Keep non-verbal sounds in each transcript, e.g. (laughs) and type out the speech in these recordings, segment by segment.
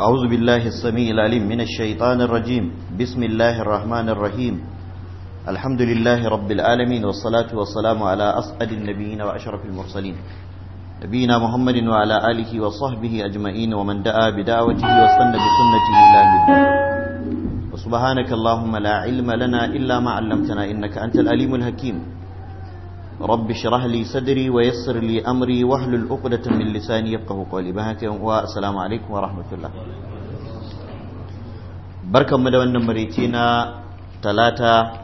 أعوذ بالله السميع العليم من الشيطان الرجيم بسم الله الرحمن الرحيم الحمد لله رب العالمين والصلاة والسلام على أسعد النبيين وأشرف المرسلين نبينا محمد وعلى آله وصحبه أجمعين ومن دعا بدعوته واستنى بسنته إلى الدين وسبحانك اللهم لا علم لنا إلا ما علمتنا إنك أنت الأليم الحكيم رب اشرح لي صدري ويسر لي أمري واحلل عقدة من لساني يفقه قولي بهاك والسلام عليكم ورحمة الله بركة مدونة مريتينا ثلاثة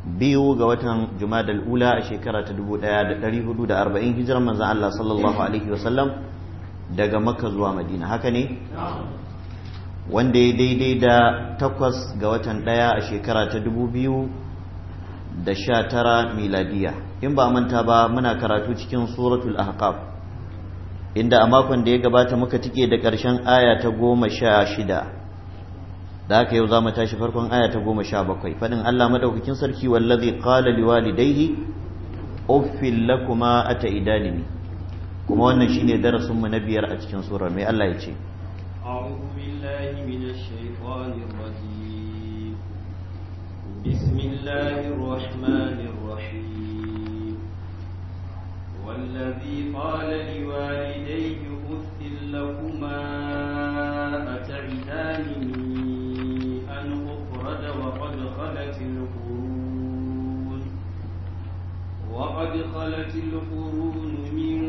biyu ga watan jumada al'ula a shekara ta hijira, hijirar manzan Allah sallallahu Alaihi wasallam daga makka zuwa madina haka ne? wanda ya daidai da takwas ga watan ɗaya a shekara ta biyu? da sha tara miladiya in ba manta ba muna karatu cikin suratul ahqaf inda a makon da ya gabata muka tike da ƙarshen aya ta goma sha shida da haka yau za mu tashi farkon aya ta goma sha bakwai faɗin allah maɗaukakin sarki wallazi qala liwalidayhi uffil lakuma ataidanini kuma wannan shine darasin mu na biyar a cikin surar mai allah ya ce الله الرحمن الرحيم والذي قال لوالديه أف لكما أتعدانني أن أخرج وقد خلت القرون وقد خلت القرون من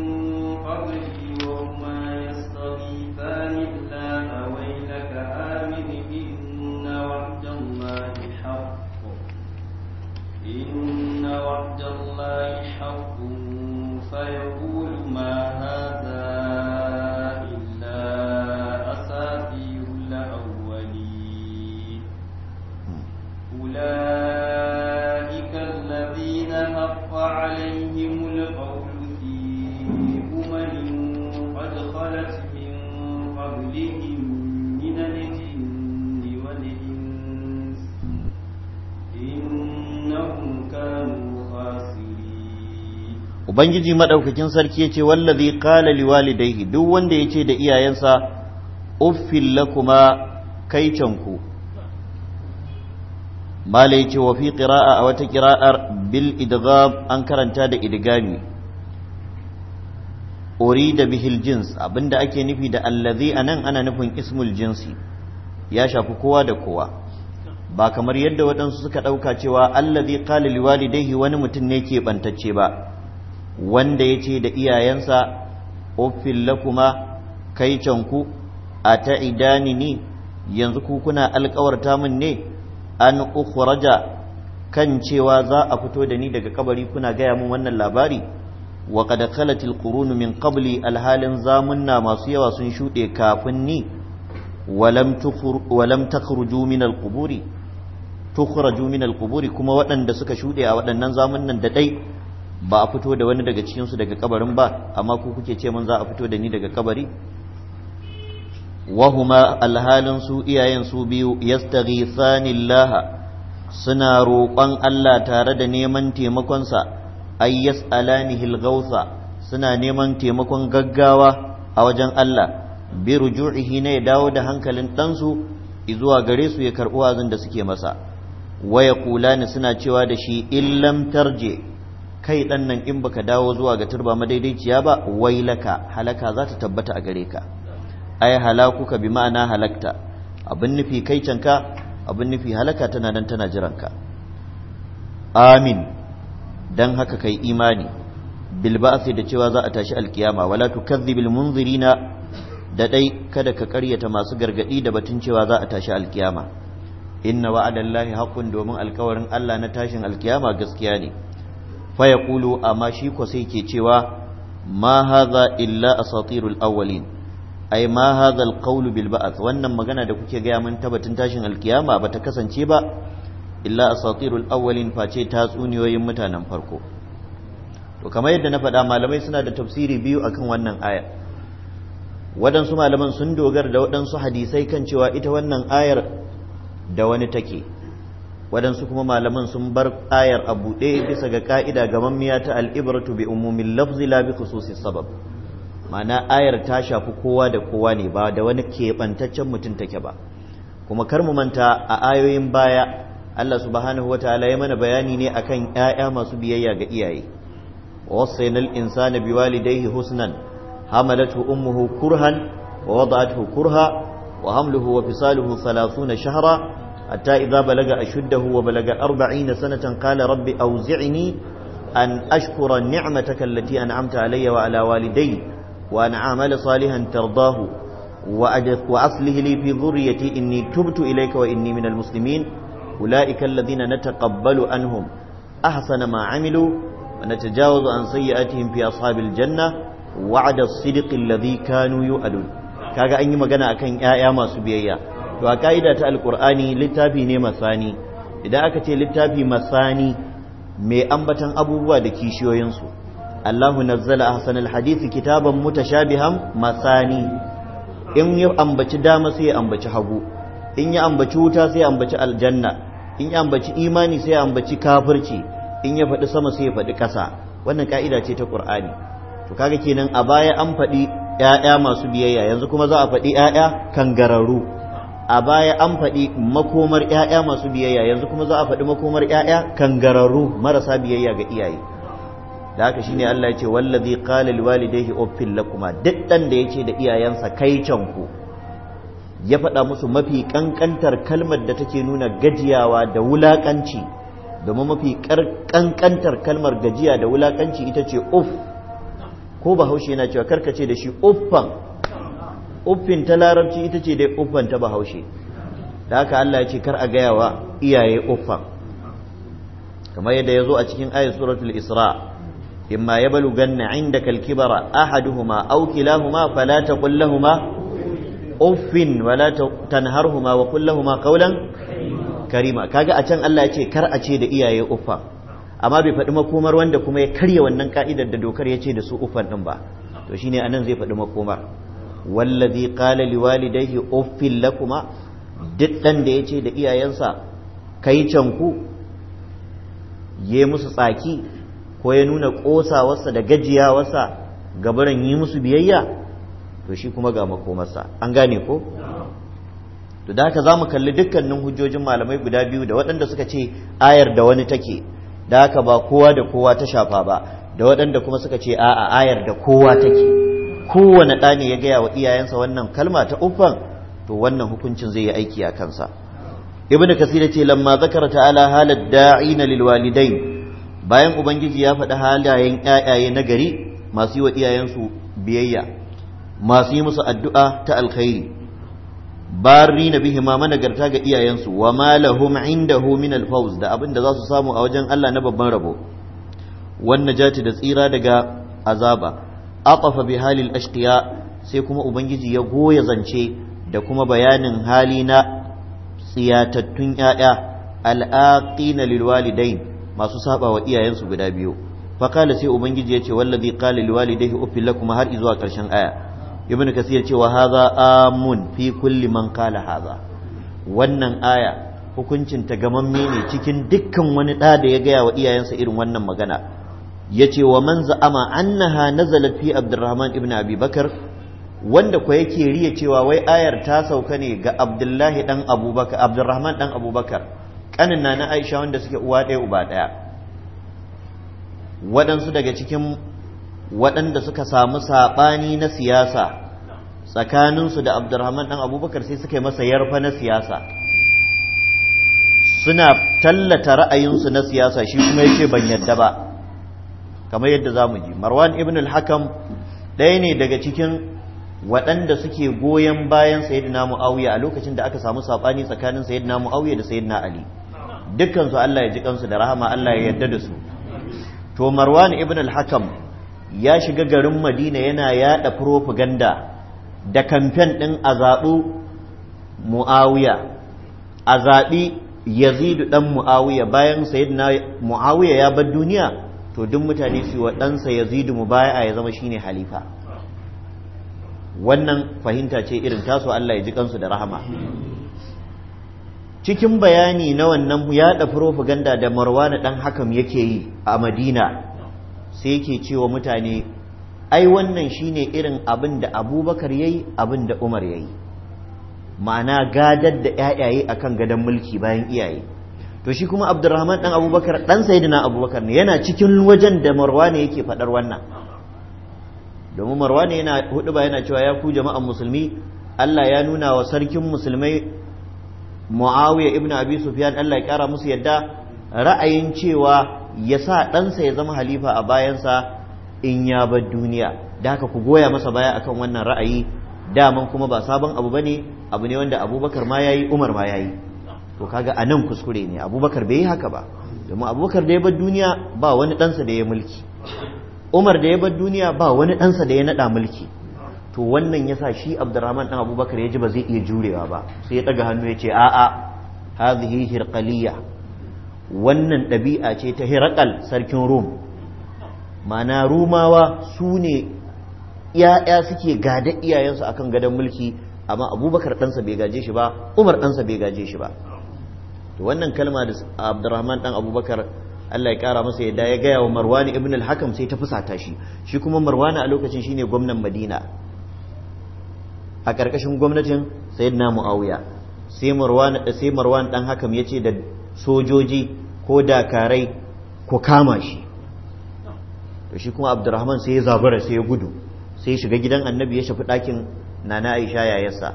قبلي وهما يستضيفان الله ويلك آمن إن وعد الله حق فيقول ما هذا ubangiji madaukakin sarki ya yace wallazi qala liwalidayhi duk wanda ya ce da iyayensa uffil lakuma canku mala ce wa fi qira'a a wata qira'ar bil idgham an karanta da idgami urida bihil jins abinda ake nufi da allazi anan ana nufin ismul jinsi ya shafi kowa da kowa ba kamar yadda waɗansu suka ɗauka cewa allazi qala liwalidayhi wani mutum ne ke bantacce ba wanda ya ce da iyayensa uffin lakuma kai canku a ta idani ni yanzu ku kuna alkawarta min ne an ukhraja kan cewa za a fito da ni daga kabari kuna gaya min wannan labari wa qad khalat alqurun min qabli alhalin zamunna masu yawa sun shude kafin ni walam tukhur walam takhruju min alquburi tukhraju min alquburi kuma waɗanda suka shude a waɗannan zamunnan da dai ba a fito da wani daga cikinsu daga kabarin ba amma ku kuke ce mun za a fito da ni daga kabari wahuma alhalin su iyayen su biyu yastaghithanillaha suna roƙon Allah tare da neman taimakonsa ay yas'alanihil gausa suna neman taimakon gaggawa a wajen Allah bi ruju'ihi ne dawo da hankalin ɗansu zuwa gare su ya karɓi wazin da suke masa waya kulani suna cewa da shi illam tarje kai dan nan in baka dawo zuwa ga turba madaidaiciya ba wailaka halaka za ta tabbata a gare ka ai halakuka bi ma'ana halakta abin nufi kai canka abin nufi halaka tana nan tana jiran ka. amin dan haka kai imani bil ba'thi da cewa za a tashi alkiyama wala tukazzibil munzirina da dai kada ka karyata masu gargadi da batun cewa za a tashi alkiyama inna wa'adallahi haqqun domin alkawarin Allah na tashin alkiyama gaskiya ne Waya Kulu amma shi ko sai ke cewa ma hadha illa asatirul awwalin ai ma hadha alqawl bil ba'th wannan magana da kuke gaya mun tabbatin tashin alkiyama ba ta kasance ba illa asatirul awwalin face tatsuniyoyin mutanen farko to kamar yadda na faɗa malamai suna da tafsiri biyu akan wannan aya waɗansu malaman sun dogara da waɗansu hadisai kan cewa ita wannan ayar da wani take waɗansu kuma malaman sun bar ayar a buɗe bisa ga ka'ida ga mammiya ta al'ibratu bi umumin lafzi la bi sabab ma'ana ayar ta shafi kowa da kowa ne ba da wani keɓantaccen mutum take ba kuma kar mu manta a ayoyin baya Allah subhanahu ta'ala ya mana bayani ne akan ƴaƴa masu biyayya ga iyaye wasaina al-insana biwalidayhi husnan hamalathu ummuhu kurhan wa wada'athu kurha wa hamluhu wa fisaluhu 30 shahra حتى إذا بلغ أشده وبلغ أربعين سنة قال رب أوزعني أن أشكر نعمتك التي أنعمت علي وعلى والدي وأن أعمل صالحا ترضاه وأصله لي في ذريتي إني تبت إليك وإني من المسلمين أولئك الذين نتقبل عنهم أحسن ما عملوا ونتجاوز عن سيئاتهم في أصحاب الجنة وعد الصدق الذي كانوا يؤلون كاغا أني مغانا أكن آيا ما سبيئيا to a ka'ida ta alkur'ani littafi ne masani idan aka ce littafi masani mai ambatan abubuwa da kishiyoyinsu Allahu nazzala hasanar hadisi kitaban mutashabihan masani in ya ambaci dama sai ya ambaci hagu in ya ambaci wuta sai ya ambaci aljanna in ya ambaci imani sai ya ambaci kafirci in ya faɗi sama sai ya faɗi ƙasa wannan ka'ida ce ta ƙur'ani. to kaga kenan a baya an faɗi 'ya'ya masu biyayya yanzu kuma za a faɗi ‘ya’ya kangararru a baya an faɗi makomar 'ya'ya masu biyayya yanzu kuma za a faɗi makomar 'ya'ya kan kangararru marasa biyayya ga iyaye da haka shine Allah ya ce wallazi qala liwalidayhi uffil lakuma duk ɗan da yake da iyayensa kai can ku. ya faɗa musu mafi ƙanƙantar kalmar da take nuna gajiyawa da wulakanci domin mafi ƙanƙantar kalmar gajiya da wulakanci ita ce uff ko bahaushe yana cewa karkace da shi uffan uffin ta larabci ita ce dai uffan ta bahaushe da haka Allah ya ce kar a gaya wa iyaye uffan kamar yadda ya zo a cikin ayat suratul isra ya balu ganna inda kibara ahaduhuma aw kilahuma fala taqul lahumu uffin wala tanharhuma wa qul lahumu qawlan karima kaga a can Allah ya ce kar a ce da iyaye uffa amma bai faɗi makomar wanda kuma ya karya wannan ka'idar da dokar ya ce da su uffan din ba to shine anan zai faɗi makomar wallazi qala liwalidayhi uffil lakuma duk dan da yace da iyayensa kai canku ye musu tsaki ko ya nuna kosawarsa da gajiyawarsa gabaran yi musu biyayya to shi kuma ga makomarsa an gane ko to da haka zamu kalli dukkanin hujjojin malamai guda biyu da waɗanda suka ce ayar da wani take da haka ba kowa da kowa ta shafa ba da waɗanda kuma suka ce a'a ayar da kowa take kowane ɗa ne ya gaya wa iyayensa wannan kalma ta uffan to wannan hukuncin zai yi aiki a kansa Ibn kasir ce lamma zakara ta'ala halad da'ina lil walidain bayan ubangiji ya faɗi halayen ƴaƴaye nagari, masu yi wa iyayensu biyayya masu yi musu addu'a ta alkhairi Bari na bihima managarta ga iyayensu wa ma lahum indahu min alfawz da abin da za su samu a wajen Allah na babban rabo wannan jati da tsira daga azaba aqafa bi halil ashqiya sai kuma ubangiji ya goya zance da kuma bayanin hali na tsiyatattun ƴaƴa al'aqina lil walidain masu saba wa iyayensu guda biyu fakala sai ubangiji yace wallazi qala lil walidayhi uffil lakum har zuwa karshen aya ibn kasir ce wa hadha amun fi kulli man qala hadha wannan aya hukuncin ta gamamme ne cikin dukkan wani ɗa da ya gaya wa iyayensa irin wannan magana yace wa man za'ama annaha nazalat fi abdurrahman ibn abi wanda ko yake riya cewa wai ayar ta sauka ne ga abdullahi dan abubakar abdurrahman dan abubakar kanin na aisha wanda suke uwa ɗaya uba ɗaya waɗansu daga cikin waɗanda suka samu saɓani na siyasa tsakaninsu da abdurrahman dan abubakar sai suka yi masa yarfa na siyasa suna tallata ra'ayinsu na siyasa shi kuma yake ban yadda ba kamar yadda za mu ji marwan ibn al-hakam ɗaya ne daga cikin waɗanda suke goyon bayan sayyidina mu'awiya a lokacin da aka samu saɓani tsakanin sayyidina mu'awiya da sayyidina ali dukkansu Allah ya ji kansu da rahama Allah ya yarda da su to marwan ibn al-hakam ya shiga garin madina yana yada propaganda da kamfen ɗin a zaɓu mu'awiya a zaɓi yazidu ɗan mu'awiya bayan sayyidina mu'awiya ya bar duniya to duk mutane su wa ɗansa yazidu baya ya zama shine halifa wannan fahimta ce irin tasu Allah ya ji kansu da rahama cikin bayani na wannan ya yaɗa furofaganda da marwana ɗan hakan yake yi a madina sai yake cewa mutane ai wannan shine irin abin da abubakar ya yi abin da umar ya yi ma'ana gadar da 'ya'yaye akan gadon mulki bayan iyaye to shi kuma abdurrahman dan abubakar dan sayyidina abubakar ne yana cikin wajen da Marwane yake faɗar wannan domin Marwane yana hudu ba yana cewa ya ku jama'an musulmi Allah ya nuna wa sarkin musulmai Muawiya ibn Abi Sufyan Allah ya kara musu yadda ra'ayin cewa ya sa ɗansa ya zama halifa a bayansa in ya bar duniya da haka ku goya masa baya akan wannan ra'ayi daman kuma ba sabon abu bane abu ne wanda Abubakar ma yayi Umar ma yayi to kaga anan kuskure ne abubakar bai yi haka ba domin abubakar da ya bar duniya ba wani ɗansa da ya mulki umar da ya bar duniya ba wani ɗansa da ya naɗa mulki to wannan yasa shi abdurrahman ɗan abubakar ya ji ba zai iya jurewa ba sai ya ɗaga hannu ya ce a'a hadhihi hirqaliya wannan ɗabi'a ce ta hirqal sarkin rum mana rumawa su ne ‘ya'ya suke gada iyayensu akan gadon mulki amma abubakar ɗansa bai gaje shi ba umar ɗansa bai gaje shi ba To wannan kalma da abdurrahman dan abubakar Allah ya kara masa yadda ya gaya wa marwan ibn al-hakam sai ta fusata shi shi kuma marwan a lokacin shine gwamnan madina a karkashin gwamnatin sayyidina muawiya sai marwan sai marwan dan hakam yace da sojoji ko dakarai ko kama shi to shi kuma abdurrahman sai ya zabura sai ya gudu sai shiga gidan annabi ya shafi dakin nana aisha yayarsa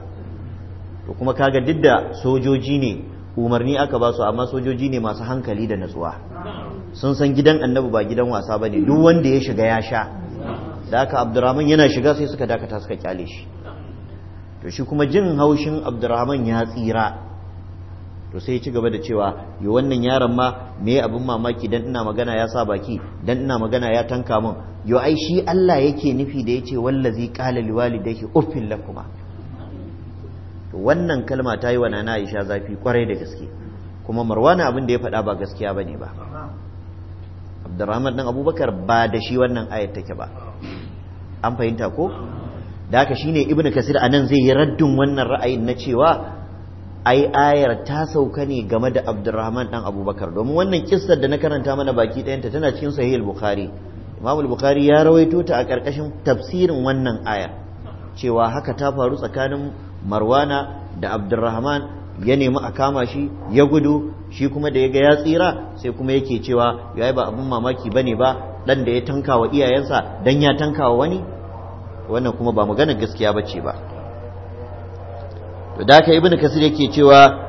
to kuma kaga duk da sojoji ne umarni aka ba su amma sojoji ne masu hankali da natsuwa sun san gidan annabi ba gidan wasa ba ne duk wanda ya shiga ya sha da aka abdurrahman yana shiga sai suka dakata suka kyale shi to shi kuma jin haushin abdurrahman ya tsira to sai ya ci gaba da cewa yi wannan yaron ma me abin mamaki dan ina magana ya sa baki dan ina magana ya tanka min yo ai shi Allah yake nufi da ya yace wallazi qala liwalidayhi uffin lakuma to wannan kalma ta yi wa nana Aisha zafi kwarai da gaske kuma marwana abin da ya faɗa ba gaskiya ne ba Abdurrahman ɗan Abubakar ba da shi wannan ayat take ba an fahimta ko da shi ne Ibn Kasir nan zai yi raddin wannan ra'ayin na cewa ai ayar ta sauka ne game da Abdurrahman ɗan Abubakar domin wannan kissar da na karanta mana baki ɗayanta tana cikin sahihul bukhari Imam bukhari ya rawaito ta a ƙarƙashin tafsirin wannan ayar cewa haka ta faru tsakanin marwana da abdurrahman ya nemi a kama shi ya gudu shi kuma da ya ga ya tsira sai kuma yake cewa yayi ba abin mamaki bane ba dan da ya tanka wa iyayensa dan ya tanka wa wani wannan kuma ba magana gaskiya bace ba to da ka ibnu kasir yake cewa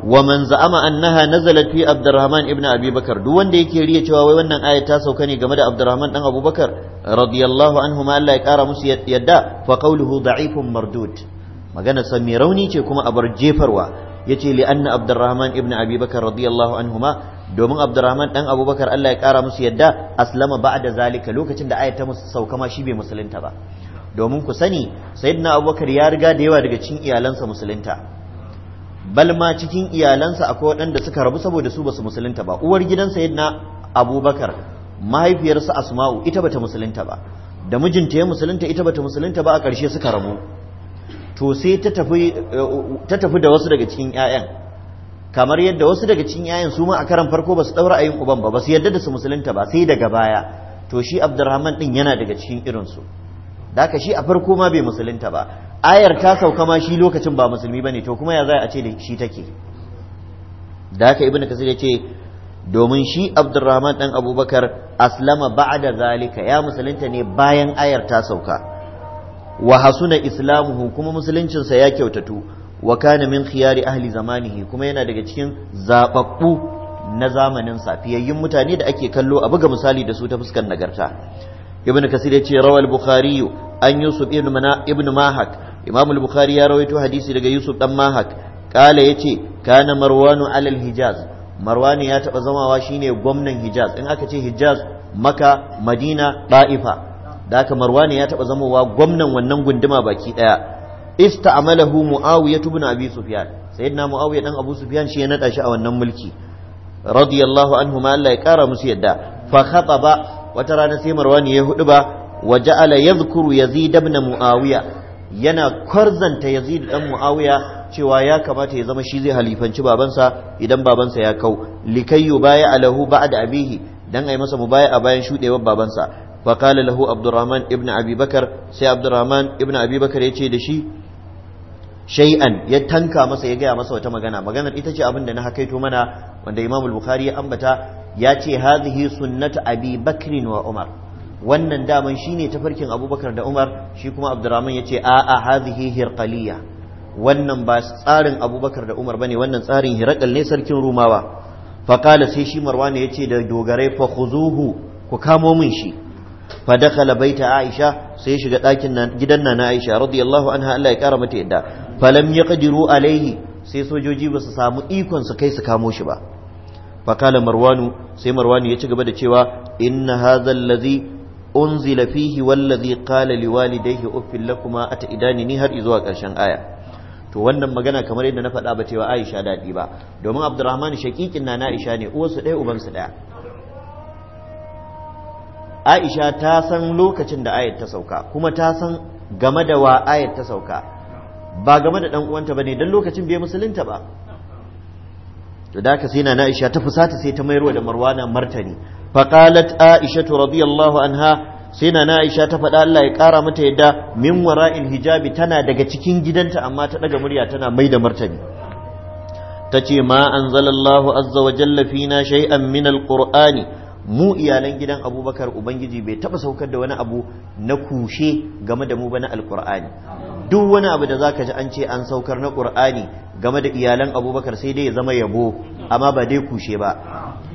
wa man za'ama annaha nazalat fi abdurrahman ibnu abi bakar duk wanda yake riya cewa wai wannan aya ta sauka ne game da abdurrahman dan abubakar radiyallahu anhu ma Allah ya kara musu yadda fa qawluhu da'ifun mardud magana sa mai rauni ce kuma abar jefarwa ya ce li anna abdurrahman ibn abi bakar radiyallahu anhuma domin abdurrahman dan abubakar Allah ya kara musu yadda aslama ba da zalika lokacin da ayata musu sauka ma shi bai musulunta ba domin ku sani sayyidina abubakar ya riga da yawa daga cikin iyalansa musulunta Balma cikin iyalansa akwai waɗanda suka rabu saboda su basu musulunta ba uwar gidan sayyidina abubakar mahaifiyarsa asma'u ita bata musulunta ba da mijinta ya musulunta ita bata musulunta ba a ƙarshe suka rabu to sai ta tafi da wasu daga cikin 'ya'yan kamar yadda wasu daga cikin 'ya'yan su ma a karan farko ba su ɗaura ayin uban ba ba su yadda da su musulunta ba sai daga baya to shi abdurrahman ɗin yana daga cikin irinsu da ka shi a farko ma bai musulunta ba ayar ta sauka ma shi lokacin ba musulmi ba ne to kuma ya za a ce da shi take da haka ibn kasir ya ce domin shi abdurrahman ɗan abubakar aslama ba'da zalika ya musulunta ne bayan ayar ta sauka wa hasuna islamuhu kuma musuluncinsa ya kyautatu wa kana min khiyari ahli zamanihi kuma yana daga cikin zababbu na zamanin safiyayyun mutane da ake kallo a buga misali da su ta fuskar nagarta ibn kasir ya ce rawal bukhari an yusuf ibn mana ibn mahak imam bukhari ya rawaito hadisi daga yusuf dan mahak kala yace kana marwanu alal hijaz marwani ya taba zamawa shine gwamnan hijaz in aka ce hijaz maka madina da'ifa da haka marwani ya taba zamowa gwamnan wannan gunduma baki daya amalahu muawiyah ibn abi sufyan sayyidina muawiyah dan abu sufyan shi ya nada shi a wannan mulki radiyallahu anhu ma Allah ya kara musu yadda fa khataba wata rana sai marwani ya hudu ba wa ja'ala yadhkuru yazid ibn muawiya yana kwarzanta yazid dan muawiya cewa ya kamata ya zama shi zai halifanci babansa idan babansa ya kau likayyu baya alahu ba'da abihi dan ai masa mubaya a bayan shudewar babansa fa qala lahu abdurrahman ibn abi sai abdurrahman ibn abi bakar yace da shi shay'an ya tanka masa ya gaya masa wata magana maganar ita ce abin da na hakaito mana wanda imam al ya ambata ya ce hadhihi sunnatu abi bakr wa umar wannan daman shine tafarkin abubakar da umar shi kuma abdurrahman ya ce a'a hadhihi hirqaliya wannan ba tsarin abubakar da umar bane wannan tsarin hirakal ne sarkin rumawa faqala sai shi marwana ya ce da dogarai fa ku khuzuhu ku kamo mun shi fa dakhala baita aisha sai shiga ɗakin gidan nana aisha radiyallahu anha Allah ya kara mata yadda falam yaqdiru alaihi sai sojoji ba su samu ikon su kai su kamo shi ba fa kala marwanu sai marwanu ya ci gaba da cewa inna hadha allazi unzila fihi wallazi qala liwalidayhi uffil lakuma atidani ni har zuwa karshen aya to wannan magana kamar yadda na faɗa ba cewa Aisha daɗi ba domin Abdurrahman shakikin na Aisha ne uwarsu ɗaya ubansu ɗaya Aisha ta san lokacin da ayat ta sauka kuma ta san game da wa ayat ta sauka ba game da dan uwanta bane dan lokacin bai musulunta ba to da ka sai na Aisha ta fusata sai ta mayarwa da Marwana martani fa qalat Aisha radhiyallahu anha sai na Aisha ta faɗa Allah ya ƙara mata yadda min wara'il hijabi tana daga cikin gidanta amma ta daga murya tana mai da martani tace ma anzalallahu azza wa jalla fina shay'an min alqur'ani mu iyalan gidan abubakar ubangiji bai taba saukar da wani abu na kushe game da mu ba na alkur'ani duk wani abu da zaka ji an ce an saukar na qur'ani game da iyalan abubakar sai dai ya zama yabo amma ba dai kushe ba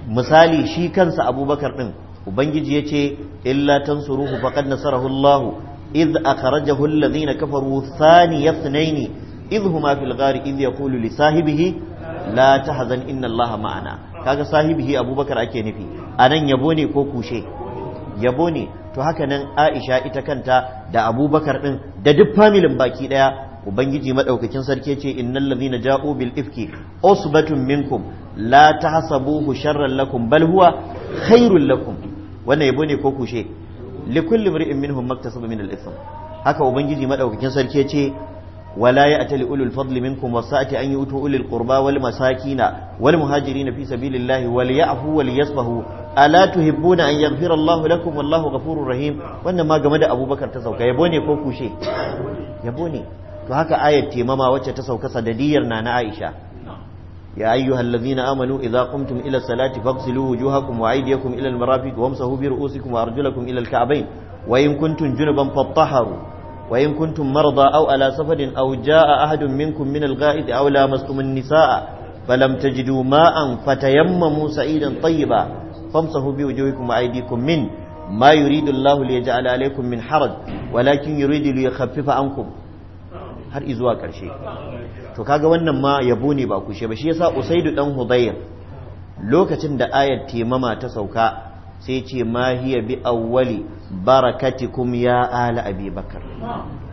misali shi kansa abubakar din ubangiji ya ce illa tansuruhu faqad nasarahu allah iz akhrajahu alladhina kafaru ثاني اثنين إذ fil ghar الغار yaqulu li sahibihi la tahzan inna allaha ma'ana. kaga sahibihi abubakar ake nufi a nan yabo ne ko kushe yabo ne to haka nan aisha ita kanta da abubakar din da duk familin baki daya ubangiji madaukakin sarki ce innal ladhina ja'u bil ifki usbatun minkum la tahsabuhu sharran lakum bal huwa khairul lakum wannan yabo ne ko kushe likulli imri'in minhum maktasaba min al-ithm haka ubangiji madaukakin sarki ce ولا يأتل أولو الفضل منكم والسعة أن يؤتوا أولي القربى والمساكين والمهاجرين في سبيل الله وليعفوا وليصفحوا ألا تحبون أن يغفر الله لكم والله غفور رحيم وأن ما قمد أبو بكر تسوك يبوني كوكو شيء يبوني فهكا آية تيمما وجه تسوك صدديرنا نعائشة يا أيها الذين آمنوا إذا قمتم إلى الصلاة فاغسلوا وجوهكم وأيديكم إلى المرافق وامسحوا برؤوسكم وأرجلكم إلى الكعبين وإن كنتم جنبا فاطهروا وإن كنتم مرضى أو على سفر أو جاء أحد منكم من الغائط أو لامستم النساء فلم تجدوا ماء فتيمموا سعيدا طيبا فامسحوا بوجوهكم وأيديكم منه ما يريد الله ليجعل عليكم من حرج ولكن يريد ليخفف عنكم har izuwa ƙarshe to kaga wannan ma yabo ne ba kushe ba shi yasa Usaidu dan Hudayr lokacin da ayat temama ta sauka sai ce ma hiya bi awwali barakatikum ya ala abi bakar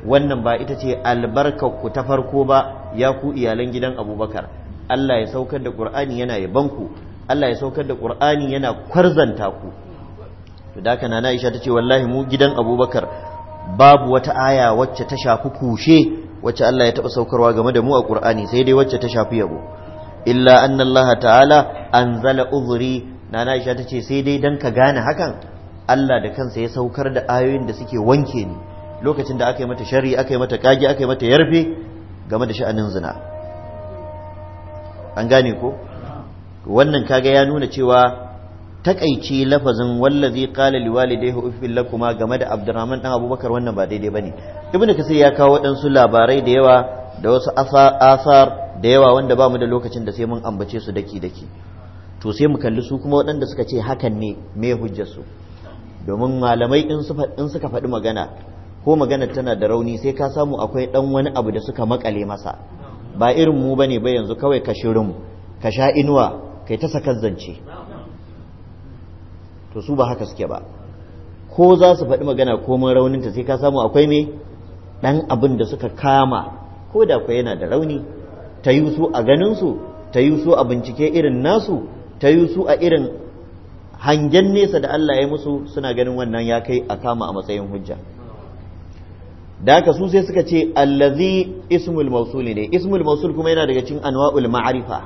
wannan ba ita ce albarkar ku ta farko ba ya ku iyalan gidan abubakar Allah ya saukar da qur'ani yana yabanku Allah ya saukar da qur'ani yana kwarzanta ku to da kana na Aisha tace wallahi mu gidan abubakar babu wata aya wacce ta shafi kushe wacce Allah ya taba saukarwa game da mu a qur'ani sai dai wacce ta shafi yabo illa anna Allah ta'ala anzala uzri nana Aisha ta ce sai dai dan ka gane hakan Allah da kansa ya saukar da ayoyin da suke wanke ni lokacin da aka yi mata shari aka yi mata kage aka yi mata yarfe game da sha'anin zina an gane ko wannan kaga ya nuna cewa takaici lafazin wallazi qala liwalidayhi uffil lakuma game da Abdurrahman dan Abubakar wannan ba daidai bane Ibn Kasir ya kawo waɗansu labarai da yawa da wasu asar da yawa wanda ba mu da lokacin da sai mun ambace su daki daki to sai mu kalli su kuma waɗanda suka ce hakan ne me hujjarsu domin malamai in suka faɗi magana ko magana tana da rauni sai ka samu akwai ɗan wani abu da suka makale masa ba irin mu bane ba yanzu kawai ka shirin ka sha inuwa kai ta sakar zance to su ba haka suke ba ko za su faɗi magana ko mun rauninta sai ka samu akwai me ɗan abin da suka kama ko da kwa yana da rauni ta yi su a ganinsu ta yi su a bincike irin nasu ta yi su a irin hangen nesa da Allah ya musu suna ganin wannan ya kai a kama a matsayin hujja da haka su sai suka ce allazi ismul mausul ne ismul mausul kuma yana daga cikin anwa'ul ma'arifa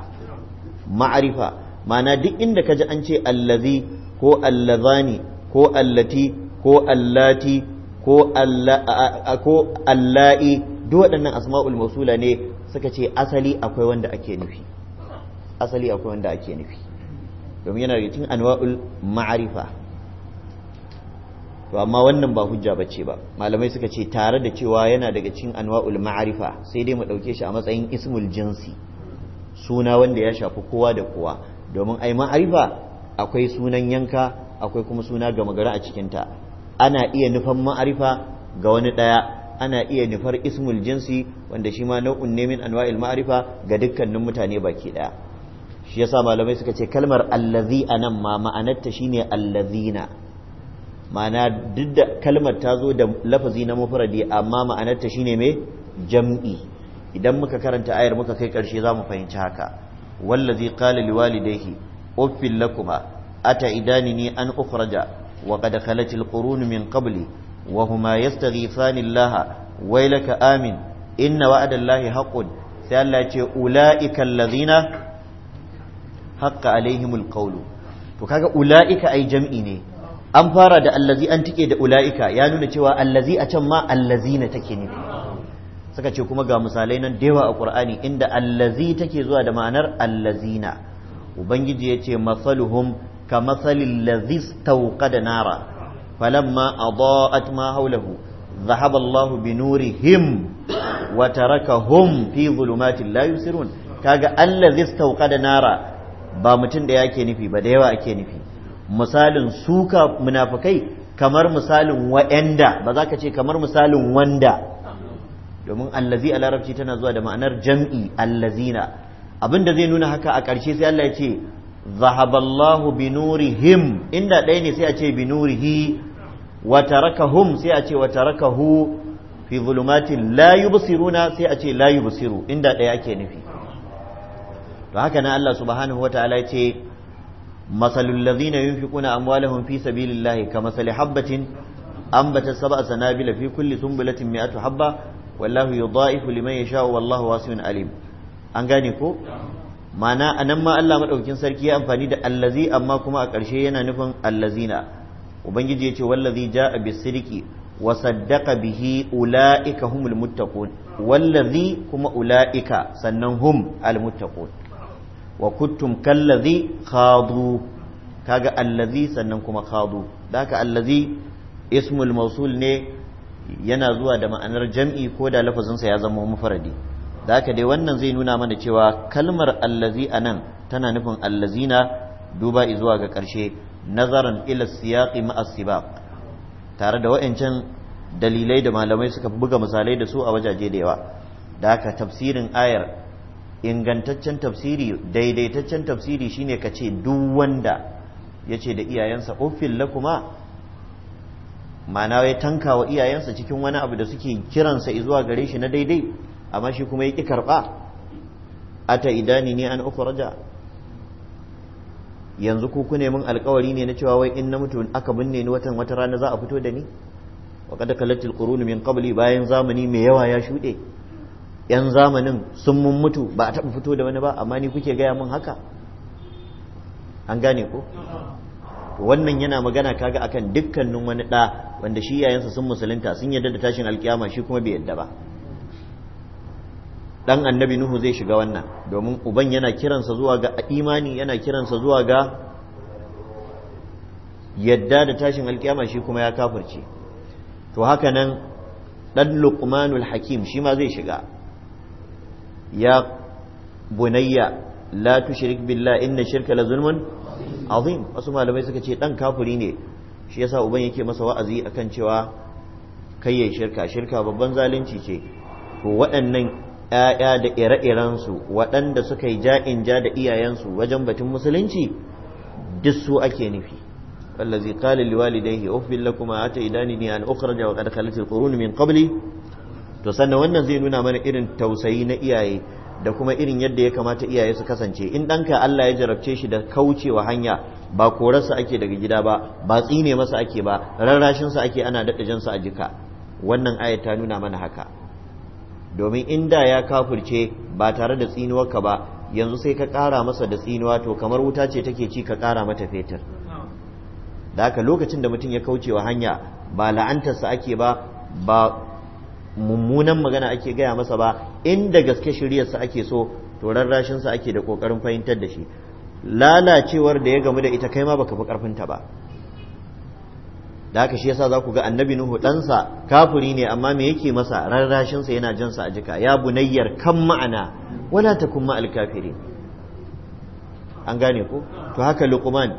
ma'arifa ma'ana duk inda ka an ce allazi ko allazani ko allati ko allati ko ko allai duk waɗannan asma'ul mausula ne suka ce asali akwai wanda ake nufi asali akwai wanda ake nufi domin yana da cikin anwa'ul ma'arifa to amma wannan ba hujja ba ce ba malamai suka ce tare da cewa yana daga cikin anwa'ul ma'arifa sai dai mu ɗauke shi a matsayin ismul jinsi suna wanda ya shafi kowa da kowa domin ai ma'arifa akwai sunan yanka akwai kuma suna gama gari a cikinta ana iya nufan ma'arifa ga wani ɗaya ana iya nufar ismul jinsi wanda shi ma nau'un ne min anwa'il ma'arifa ga dukkanin mutane baki ɗaya. shi yasa malamai suka ce kalmar allazi anan ma ma'anarta shine allazina ma'ana duk da kalmar ta zo da lafazi na mufradi amma ma'anarta shine me jam'i idan muka karanta ayar muka kai karshe zamu fahimci haka wallazi qala liwalidayhi uffil lakuma ata idanini an ukhraja wa qad khalat alqurun min qabli wa huma yastaghifani allaha waylaka amin inna wa'dallahi haqqun sai Allah ya ce ula'ika allazina haqqa alaihimul ƙaulu. to kaga ula'ika ai jam'i ne an fara da allazi an tike da ula'ika ya nuna cewa allazi a can ma allazina take nufi suka ce kuma ga misalai nan da yawa a qur'ani inda allazi take zuwa da ma'anar allazina ubangiji ya ce masaluhum ka masalil ladhi istawqada nara falamma adaa'at ma hawlahu ذهب الله بنورهم وتركهم في ظلمات لا يبصرون كاغا الذي استوقد nara. ba mutum da yake nufi ba da yawa ake nufi misalin suka munafukai kamar misalin wa'anda ba za ka ce kamar misalin wanda domin allazi a larabci tana zuwa da ma'anar jam'i allazina abin da zai nuna haka a ƙarshe sai Allah ya ce zahaballahu binurihim inda ɗaya ne sai a ce binurihi wa tarakahum sai a ce wa tarakahu fi zulumatin la yubsiruna sai a ce la yubsiru inda ɗaya ake nufi Ba haka na Allah subhanahu wataala ce masalul ladhina yunfiquna amwalahum fi sabilillahi kamasali habatin ambata sab'a sanabila fi kulli sunbulatin mi'atu habba wallahu yudha'ifu liman yasha'u wallahu wasi'un alim an gane ko mana anan ma Allah maɗaukin sarki ya amfani da allazi amma kuma a ƙarshe yana nufin allazina ubangiji ya ce wallazi a bisirki wa saddaqa bihi ula'ika humul muttaqun wallazi kuma ula'ika sannan hum al wa kuntum kallazi khadu kaga allazi sannan kuma khadu daga allazi ismul mausul ne yana zuwa da ma'anar jam'i ko da lafazinsa ya zama mufaradi daga dai wannan zai nuna mana cewa kalmar allazi a nan tana nufin allazina duba zuwa ga ƙarshe nazaran ila siyaqi ma sibaq tare da wa'ancan dalilai da malamai suka buga misalai da su a wajaje da yawa da haka tafsirin ayar ingantaccen tafsiri daidaitaccen tafsiri shine ka ce duk wanda ya ce da iyayensa uffin kuma. ma'ana ya tanka wa iyayensa cikin wani abu da suke kiransa zuwa gare shi na daidai amma shi kuma ya ƙi karɓa ata idani ne an raja. yanzu ku kune min alƙawari ne na cewa wai in na mutu aka binne ni watan wata rana za a fito da ni wa kada kalatil qurun min qabli bayan zamani mai yawa ya shuɗe 'yan zamanin sun mun mutu ba a taɓa fito da wani ba amma ni kuke gaya mun haka an gane ko wannan yana magana kaga akan dukkanin wani ɗa wanda shi yayansa sun musulunta sun yarda da tashin alkiyama shi kuma bai yarda ba dan annabi nuhu zai shiga wannan domin uban yana kiransa zuwa ga imani yana kiransa zuwa ga yadda da tashin alkiyama shi kuma ya kafirce to haka nan ɗan luqmanul hakim shi ma zai shiga ya bunayya la tushrik billah inna shirka la zulmun azim wasu malamai suka ce dan kafiri ne shi yasa uban yake masa wa'azi akan cewa kai yayi shirka shirka babban zalunci ce Ko waɗannan ‘ya'ya da ire iren su waɗanda suka yi ja'in ja da iyayensu wajen batun musulunci duk su ake nufi wallazi qala liwalidayhi uffil lakuma ata an ukhraja wa qad khalat qurun min qabli to sannan wannan zai nuna mana irin tausayi na iyaye da kuma irin yadda ya kamata iyaye su kasance in ɗanka Allah ya jarabce shi da kaucewa hanya ba korarsa ake daga gida ba ba tsine masa ake ba rarrashinsa ake ana daɗajensa a jika wannan ayat ta nuna mana haka domin inda ya kafurce ba tare da tsinuwarka ba yanzu sai ka kara masa da tsinuwa to kamar wuta ce take ci ka kara mata fetur da haka lokacin da mutum ya kaucewa hanya ba la'antarsa ake ba ba mummunan magana ake gaya masa ba inda gaske shiryarsa ake so to rarrashinsa ake da ƙoƙarin fahimtar da shi lalacewar da ya gamu da ita kai ma baka fi ƙarfinta ba da haka shi yasa za ku ga annabi nuhu ɗansa kafiri ne amma me yake masa rarrashinsa yana jansa a jika ya bunayyar kan ma'ana wala takun kuma alkafiri an gane ko to haka luqman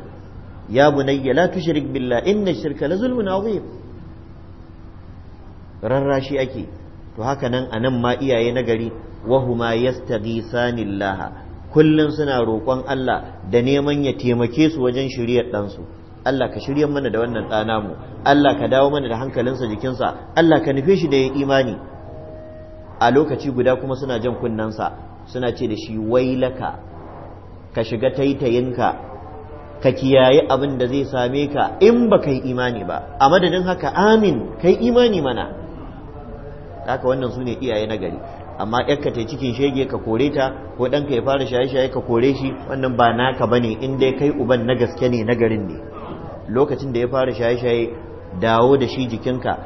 ya bunayya la tushrik billah inna shirka la zulmun azim rarrashi ake to haka nan a nan ma iyaye na gari wahuma yastaghithanillaha kullum suna roƙon Allah da neman ya taimake su wajen shiryar ɗansu Allah ka shirya mana da wannan ɗana mu Allah ka dawo mana da hankalinsa jikinsa Allah ka nufe shi da ya imani a lokaci guda kuma suna jan sa, suna ce da shi wailaka ka shiga taitayinka ka kiyaye abin da zai same ka in ba ka yi imani ba a madadin haka amin ka imani mana haka wannan su ne iyaye na gari amma ɗanka ta cikin shege ka kore ta ko ɗanka ya fara shaye-shaye ka kore shi wannan ba naka ba ne in ya kai uban na gaske ne na garin ne lokacin da ya fara shaye-shaye dawo da shi jikinka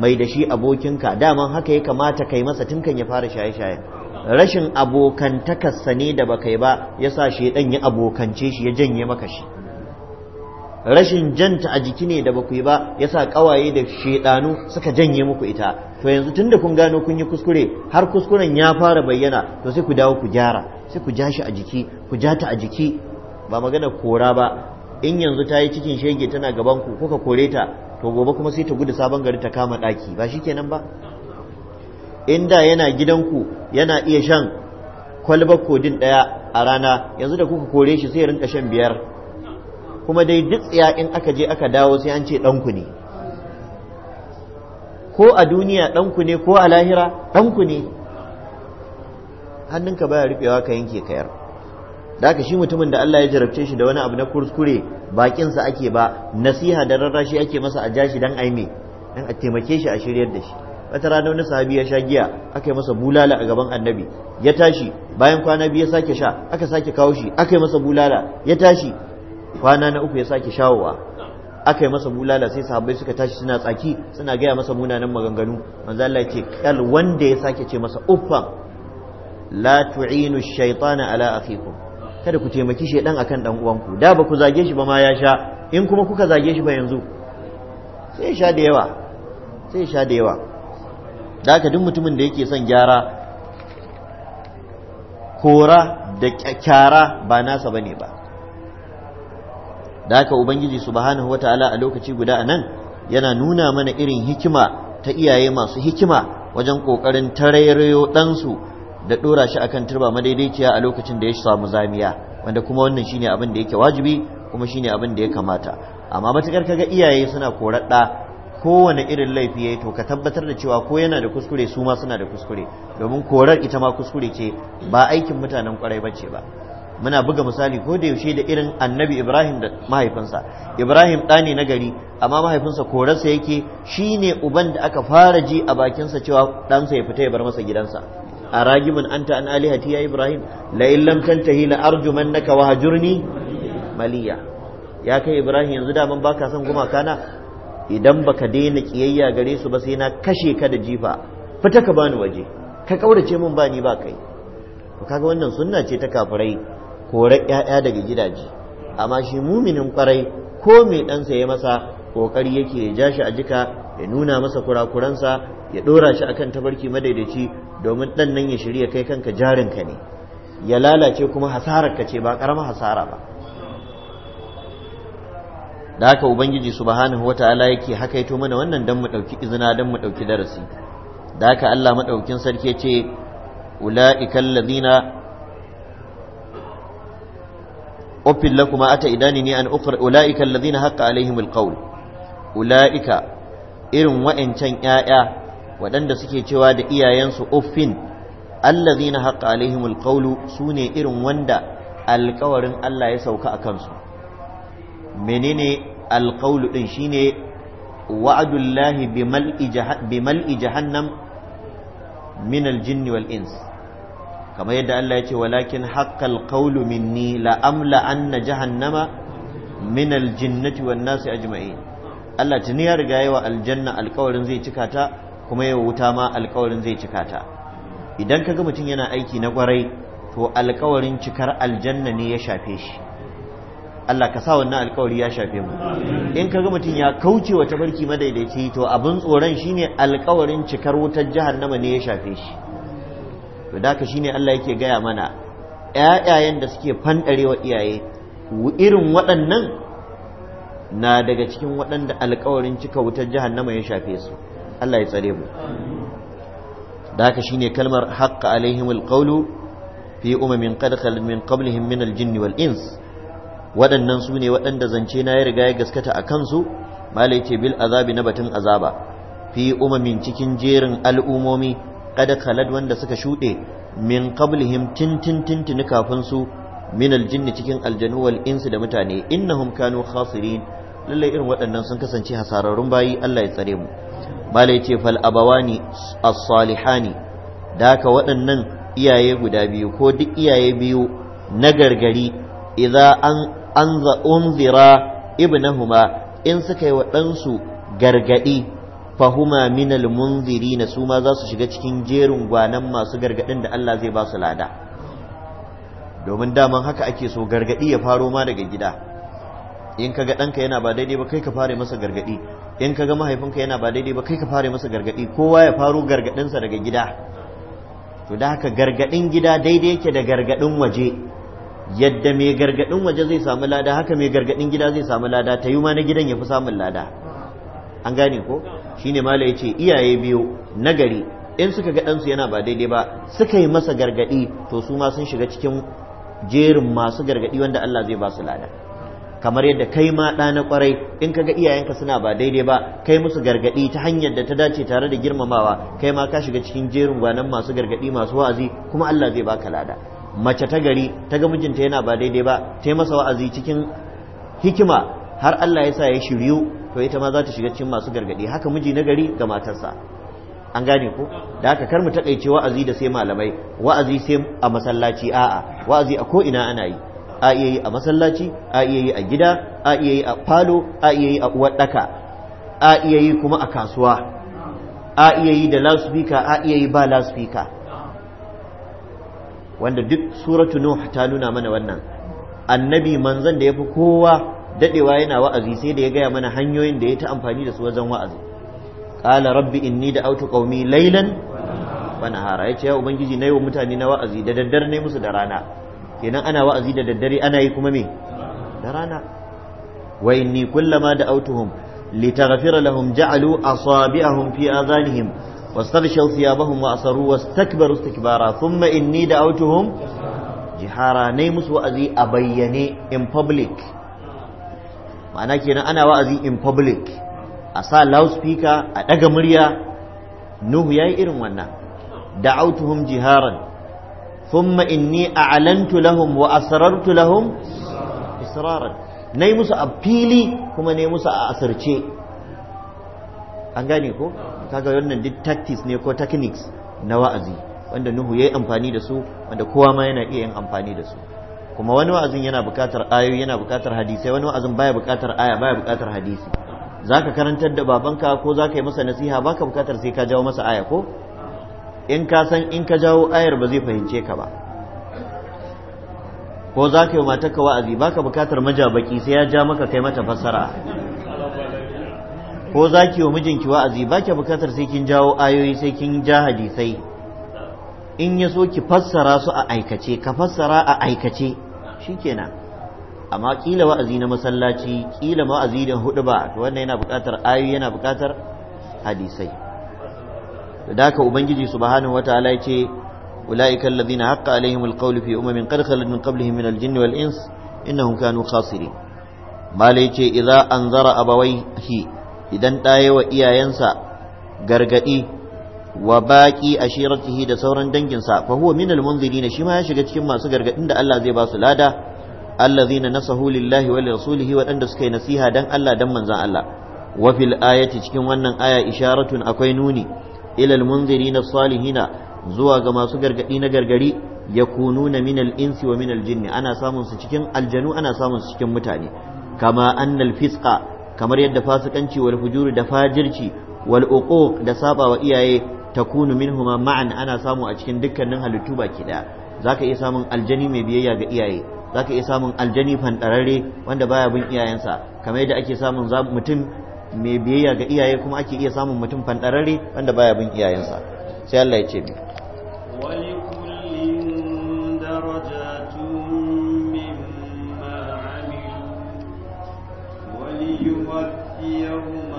mai da shi abokinka daman haka ya kamata kai masa tun kan ya fara shaye-shaye rashin abokantakarsa ne da ba kai ba ya sa shi ya abokance shi ya janye maka shi rashin janta a jiki ne da ba ku yi ba sa kawaye da shaidanu suka janye muku ita to yanzu tun da kun gano kun yi kuskure har kuskuren ya fara bayyana to sai ku dawo ku gyara sai ku ja shi a jiki ku ja ta a jiki ba magana kora ba in yanzu ta yi cikin shege tana gaban ku kuka kore ta to gobe kuma sai ta gudu sabon gari ta kama daki ba shikenan ba in da yana gidanku yana iya shan kwalbar kodin daya a rana yanzu da kuka kore shi sai ya rinka shan biyar kuma dai duk tsaya in aka je aka dawo sai an ce ɗanku ne ko a duniya ɗanku ne ko a lahira ɗanku ne hannunka baya rufewa ka yanke kayar da aka shi mutumin da Allah ya jarabce shi da wani abu na kuskure bakinsa ake ba nasiha da rarrashi ake masa a jashi dan aime dan a taimake shi a shiryar da shi wata rana wani sahabi ya sha giya aka yi masa bulala a gaban annabi ya tashi bayan kwana biyu ya sake sha aka sake kawo shi aka yi masa bulala ya tashi kwana na uku ya sake shawowa aka yi masa bulala sai sahabbai suka tashi suna tsaki suna gaya masa munanan maganganu manzo Allah ce kal wanda ya sake ce masa uffa la tu'inu shaytana ala akhikum kada ku taimaki shaydan akan dan uwanku da ba ku zage shi ba ma ya sha in kuma kuka zage shi ba yanzu sai sha da yawa sai sha da yawa da haka duk mutumin da yake son gyara kora da kyakkyara ba nasa bane ba da haka ubangiji subhanahu wataala a lokaci guda nan, yana nuna mana irin hikima ta iyaye masu hikima wajen kokarin tarairayo ɗansu da ɗora shi akan turba madaidaiciya a lokacin da ya samu zamiya wanda kuma wannan shine abin da yake wajibi kuma shine abin da ya kamata amma matukar kaga iyaye suna korar ɗa kowane irin laifi yayi to ka tabbatar da cewa ko yana da kuskure su ma suna da kuskure domin korar ita ma kuskure ce ba aikin mutanen kwarai bace ba muna buga misali ko da yaushe da irin annabi ibrahim da mahaifinsa ibrahim ɗani na gari amma mahaifinsa korarsa yake ne uban da aka fara ji a bakinsa cewa ɗansa ya fita ya bar masa gidansa a ragibin anta an alihati ya ibrahim la illam tantahi la arjumannaka wa hajurni maliya ya kai ibrahim yanzu da baka son gumaka na idan baka daina kiyayya gare su ba sai na kashe ka da jifa fita ka bani waje ka kaurace min bani ni ba kai to kaga wannan sunna ce ta kafirai korar 'ya'ya daga gidaje amma shi muminin kwarai ko mai ɗansa ya masa ƙoƙari yake ya ja shi a jika ya nuna masa kurakuransa ya ɗora shi a kan tabarki madaidaici domin ɗan nan ya shirya kai kanka jarinka ne ya lalace kuma hasararka ce ba ƙarama hasara ba da haka ubangiji subhanahu wataala yake hakaito mana wannan dan mu ɗauki izina dan mu ɗauki darasi da haka Allah maɗaukin sarki ce ulaika Zina. أفل لكما أتى إدانني أن أخر أولئك الذين حق عليهم القول أولئك إرم وإن تن آيا ودند سكي جواد إيا ينسو أفن الذين حق عليهم القول سوني إرم وندا القول ألا يسوك أكنسو منين القول إن شيني وعد الله بملء جهنم من الجن والإنس kamar yadda Allah ya ce walakin haƙƙal qawlu minni la amla anna jahannama min aljinnati wan nasi ajma'in Allah tuni ya riga yawa aljanna alƙawarin zai cika ta kuma yawa wuta ma alƙawarin zai cika ta idan kaga mutum yana aiki na kwarai to alƙawarin cikar aljanna ne ya shafe shi Allah ka sa wannan alkawari ya shafe mu in kaga mutum ya kauce wa tabarki madaidaici to abin tsoron shine alƙawarin cikar wutar jahannama ne ya shafe shi to da ka shine Allah yake gaya mana ƴaƴayen da suke fandarewa iyaye irin waɗannan na daga cikin waɗanda alƙawarin cika wutar jahannama ya shafe su Allah ya tsare mu da haka shine kalmar haqqa alaihim alqawlu fi umamin qad min qablihim min aljinni wal ins waɗannan su ne waɗanda zance na ya riga ya gaskata a kansu malai ce bil azabi na batun azaba fi umamin cikin jerin al'umomi kada khalad wanda suka shuɗe min qablihim tin tin kafin su min aljinni cikin aljannu wal insu da mutane innahum kanu khasirin lallai irin waɗannan sun kasance hasararrun bayi Allah ya tsare mu malai ce fal abawani as-salihani da haka waɗannan iyaye guda biyu ko duk iyaye biyu na gargari idza an anza unzira ibnahuma in suka yi waɗansu gargaɗi gargadi fahuma minal munzirina su ma za su shiga cikin jerin gwanan masu gargadin da Allah zai ba su lada domin daman haka ake so gargadi ya faro ma daga gida in kaga ɗanka yana ba daidai ba kai ka fare masa gargadi in kaga mahaifinka yana ba daidai ba kai ka fare masa gargadi kowa ya faro gargadinsa daga gida to da haka gargadin gida daidai yake da gargadin waje yadda mai gargadin waje zai samu lada haka mai gargadin gida zai samu lada ta yi ma na gidan ya fi samun lada an gane ko shine mala ce iyaye biyu nagari in suka ga ɗansu yana ba daidai ba suka yi masa gargaɗi to su ma sun shiga cikin jerin masu gargaɗi wanda Allah zai ba su lada kamar yadda kai ma ɗa na ƙwarai in kaga iyayenka suna ba daidai ba kai musu gargaɗi ta hanyar da ta dace tare da girmamawa kai ma ka shiga cikin jerin gwanan masu gargaɗi masu wa'azi kuma Allah zai baka lada mace ta gari ta ga mijinta yana ba daidai ba ta yi masa wa'azi cikin hikima har Allah ya sa ya shiryu to ita ma za ta shiga cikin masu gargadi haka miji na gari ga matarsa an gane ko da haka kar mu takaice wa'azi da sai malamai wa'azi sai a masallaci a'a wa'azi a ko ina ana yi a iya yi a masallaci a iya yi a gida a iya yi a falo a iya yi a daka a iya yi kuma a kasuwa a iya yi da loudspeaker a iya yi ba loudspeaker wanda duk suratu nuh ta nuna mana wannan annabi manzon da yafi kowa dadewa yana wa'azi sai da ya gaya mana hanyoyin da ya ta amfani da su wajen wa'azi qala rabbi inni da'awtu qaumi laylan wa nahara yace ya ubangiji nayi wa mutane na wa'azi da daddare ne musu da rana kenan ana wa'azi da daddare ana yi kuma me da rana wa inni kullama da'awtuhum litaghfira lahum ja'alu asabi'ahum fi adhanihim واستغشوا ثيابهم وأصروا واستكبروا استكبارا ثم Jihara دعوتهم musu wa'azi a bayyane in public ma'ana kenan ana wa'azi in public a sa loudspeaker a ɗaga murya nuhu ya yi irin wannan da'autuhum jiharan thumma inni a'lantu lahum wa asrartu lahum israran nayi musu a fili kuma ne musu a asirce an gane ko kaga wannan duk tactics ne ko techniques na wa'azi wanda nuhu ya yi amfani da su wanda kowa ma yana iya yin amfani da su kuma wani wa'azin yana buƙatar ayoyi yana buƙatar hadisai wani wa'azin baya buƙatar aya baya buƙatar hadisi zaka karantar da babanka ko zaka yi masa nasiha baka buƙatar sai ka jawo masa aya ko in ka san in ka jawo ayar ba zai fahimce ka ba ko za ka yi matarka wa'azi ba ka bukatar majabaki sai ya ja maka kai mata fassara ko za ki yi mijinki wa'azi ba ka bukatar sai kin jawo ayoyi sai kin ja hadisai in ya so ki fassara su a aikace ka fassara a aikace shikenan amma kila wa'azi na masallaci kila wa'azi da hudu ba to wannan yana buƙatar ayoyi yana buƙatar hadisai da haka ubangiji subhanahu wataala yake ce ulaika alladhina haqqa alaihim alqawlu fi umamin qad khalat min qablihim min aljinni wal ins innahum kanu khasirin malai ce idza anzara abawaihi idan ɗaya wa iyayensa gargadi wa baqi ashiratihi da sauran danginsa fa huwa minal munzirin shi ma ya shiga cikin masu gargadin da Allah zai ba su lada allazina nasahu lillahi wa rasulihi waɗanda suka yi nasiha dan Allah dan manzon Allah wa fil ayati cikin wannan aya isharatun akwai nuni ilal munzirina salihina zuwa ga masu gargadi na gargari yakununa minal insi wa minal jinni ana samun su cikin aljanu ana samun su cikin mutane kama annal fisqa kamar yadda fasikanci wal fujuru da fajirci wal uquq da saba wa iyaye takunu minhuma ma'an ana samu a cikin dukkanin halittu baki daya zaka iya samun aljani mai biyayya ga iyaye zaka iya samun aljani fantararre wanda baya bin iyayensa kamar yadda ake samun mutum mai biyayya ga iyaye kuma ake iya samun mutum fantararre wanda baya bin iyayensa sai Allah ya ce mi وليوفيهم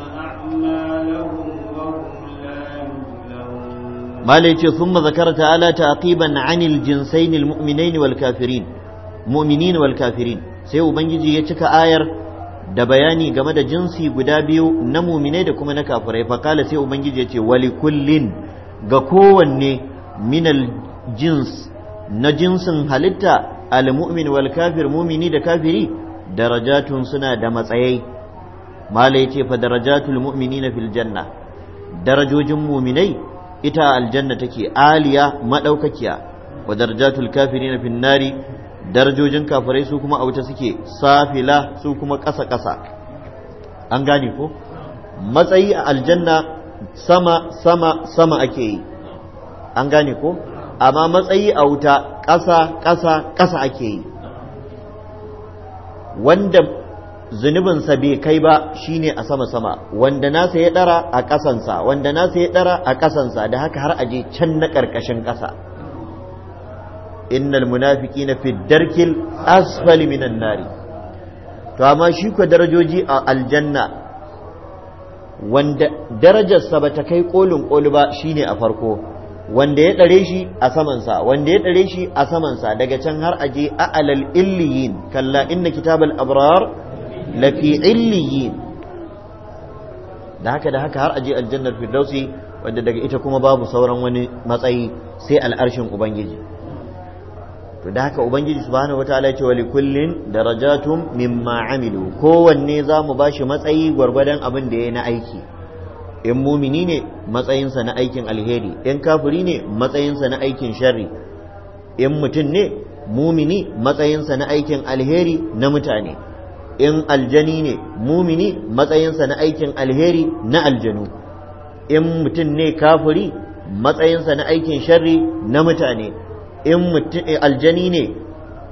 mala ce sun zakara ta'ala taqiban 'anil jinsayn almu'minain wal kafirin mu'minin wal sai ubangiji ya cika ayar da bayani game da jinsi guda biyu na mu'minai da kuma na kafirai fakale sai ubangiji yace wali kullin ga kowanne minal jins na jinsin halitta almu'min wal kafir mu'mini da kafiri darajatun suna da matsayai mala yace fa darajatul mu'minina fil janna darajojin mu'minai ita aljanna take aliya madaukakiya wa darajatul kafirina fin nari darajojin kafirai su kuma a wuta suke safila su kuma ƙasa ƙasa an gane ko matsayi a aljanna sama sama sama ake yi an gane ko amma matsayi a wuta ƙasa ƙasa ƙasa ake yi wanda zunubinsa bai kai ba shine a sama-sama wanda nasa ya ɗara a ƙasansa wanda nasa ya ɗara a ƙasansa da haka har aje can na ƙarƙashin ƙasa innal munafiqina fi darkil asfali minan nari to amma shi ko darajoji a aljanna wanda darajarsa ba ta kai kolin koli ba shine a farko wanda ya ɗare shi a samansa wanda ya ɗare shi a samansa daga can har aje a'alal illiyin kalla inna kitabal abrar lafi illiyin da haka da haka har aje aljannar firdausi wadda daga ita kuma babu sauran wani matsayi sai al'arshin ubangiji to da haka ubangiji subhanahu wataala ya ce wali kullin darajatun mimma amilu kowanne za mu bashi matsayi gwargwadon abin da ya na aiki in mumini ne matsayinsa na aikin alheri in kafiri ne matsayinsa na aikin sharri in mutum ne mumini matsayinsa na aikin alheri na mutane in aljani ne mumini matsayinsa na aikin alheri na aljanu in mutum ne kafuri matsayinsa na aikin sharri na mutane in eh, aljani ne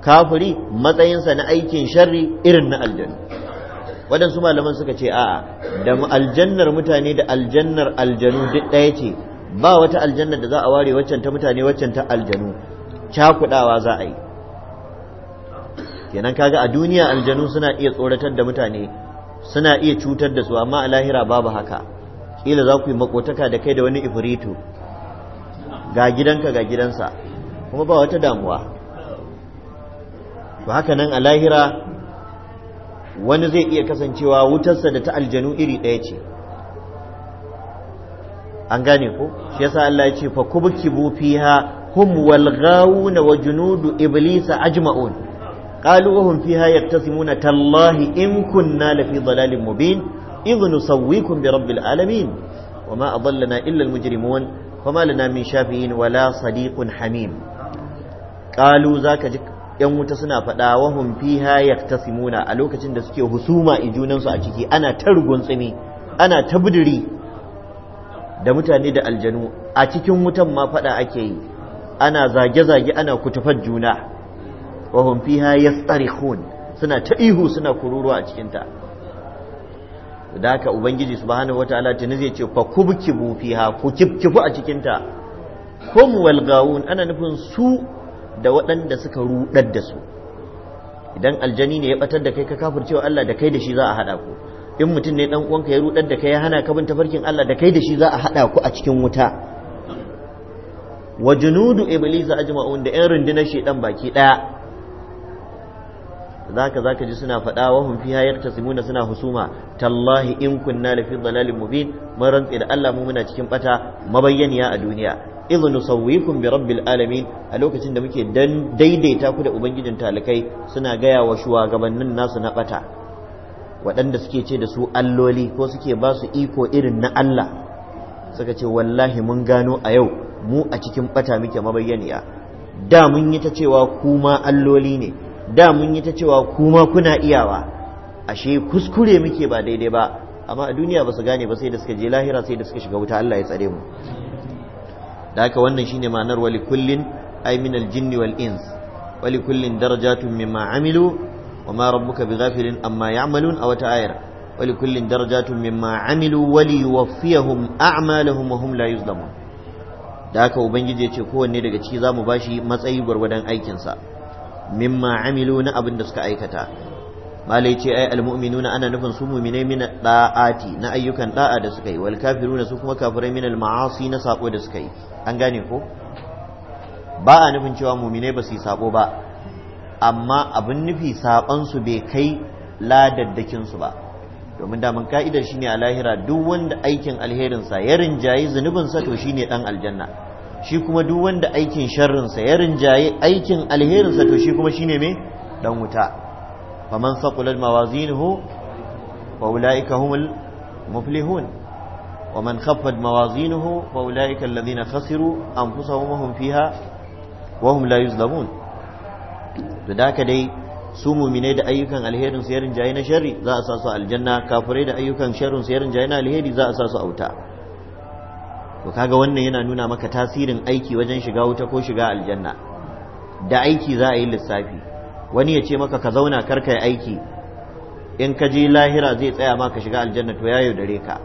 kafuri matsayinsa na aikin sharri irin na aljanu waɗansu malaman suka ce a'a da aljannar mutane da aljannar aljanu duk ɗaya ce ba wata aljannar da za a ware waccan ta mutane waccan ta aljanu cakudawa za a yi kenan kaga a duniya aljanu suna iya tsoratar da mutane suna iya cutar da su amma a lahira babu haka kila za ku yi makotaka da kai da wani ifritu ga gidanka ga gidansa kuma ba wata damuwa Ba haka nan a lahira wani zai iya kasancewa wutarsa da ta aljanu iri ɗaya ce an gane ko shi yasa Allah ya ce fa kubkibu fiha hum wal ghawuna wa junudu iblisa ajma'un qalu wa hum fiha yaktasimuna tallahi in kunna lafi dalalin mubin idh nusawwikum bi rabbil alamin وما أضلنا إلا المجرمون فما لنا من شافعين ولا صديق حميم قالوا ذاك yan wuta suna faɗa wahum fiha simuna, a lokacin da suke husuma i junansu a ciki ana ta ruguntsumi ana ta buduri da mutane da aljanu a cikin wutan ma faɗa ake yi ana zage-zage ana kutufar juna wa hum fiha yastarihun suna ta ihu suna kururuwa a cikin ta da ubangiji subhanahu wataala na zai ce fa kubkibu fiha ku kibkibu a cikin ta hum wal gawun ana nufin su da waɗanda suka rudar da su idan aljani ne ya batar da kai ka cewa Allah da kai da shi za a hada ku in mutum ne dan uwanka ya rudar da kai ya hana ka bin tafarkin Allah da kai da shi za a hada ku a cikin wuta wa junudu iblis ajma'un da yan rundunar shedan baki daya zaka zaka ji suna faɗa wa hum fiha yaktasimuna suna husuma tallahi in kunna fi dhalalin mubin mun rantsi da Allah mu muna cikin bata mabayyaniya a duniya idh nusawwikum bi rabbil alamin a lokacin da muke daidaita ku da ubangijin talakai. suna gaya wa shugabannin nasu na bata waɗanda suke ce da su alloli ko suke ba su iko irin na Allah suka ce wallahi mun gano a yau mu a cikin bata muke mabayyaniya da mun yi ta cewa kuma alloli ne da mun yi ta cewa kuma kuna iyawa ashe kuskure muke ba daidai ba amma a duniya ba su gane ba sai da suka je lahira sai da suka shiga wuta Allah ya tsare mu da haka wannan shine ma'anar wali kullin ay min al jinni wal ins wali kullin darajatun mimma amilu wa ma rabbuka bighafilin amma ya'malun aw ta'ayir wali kullin darajatun mimma amilu wali yuwaffiyahum a'maluhum wa hum la yuzlamun da haka ubangiji ya ce kowanne daga ciki zamu bashi matsayi gwargwadon aikinsa sa mimma amilu na abin da suka aikata malai ce ai almu'minuna ana nufin su mu'minai min da'ati na ayyukan da'a da suka yi wal kafiruna su kuma kafirai min al ma'asi na sako da suka yi an gane ko ba a nufin cewa mu'minai ba su yi sako ba amma abin nufi sakon su bai kai ladaddakin su ba domin daman ka'idar shine a lahira duk wanda aikin alherin sa ya rinjayi sa to shine dan aljanna shi kuma duk wanda aikin sharrinsa ya rinjaye aikin alherinsa to shi kuma shine me dan wuta faman saqulat mawazinuhu wa ulaika humul muflihun wa wa man khaffad mawazinuhu ulaika alladhina khasiru anfusahum wa hum fiha wa hum la yuzlamun to da ka dai su mumine da ayyukan alherin su ya rinjaye na sharri za a sa su aljanna kafirai da ayyukan sharrin su ya rinjaye na alheri za a sa su auta to kaga wannan yana nuna maka tasirin aiki wajen shiga wuta ko shiga aljanna da aiki za a yi lissafi wani ya ce maka ka zauna karkai aiki in ka je lahira zai tsaya maka shiga aljanna to ya dare ka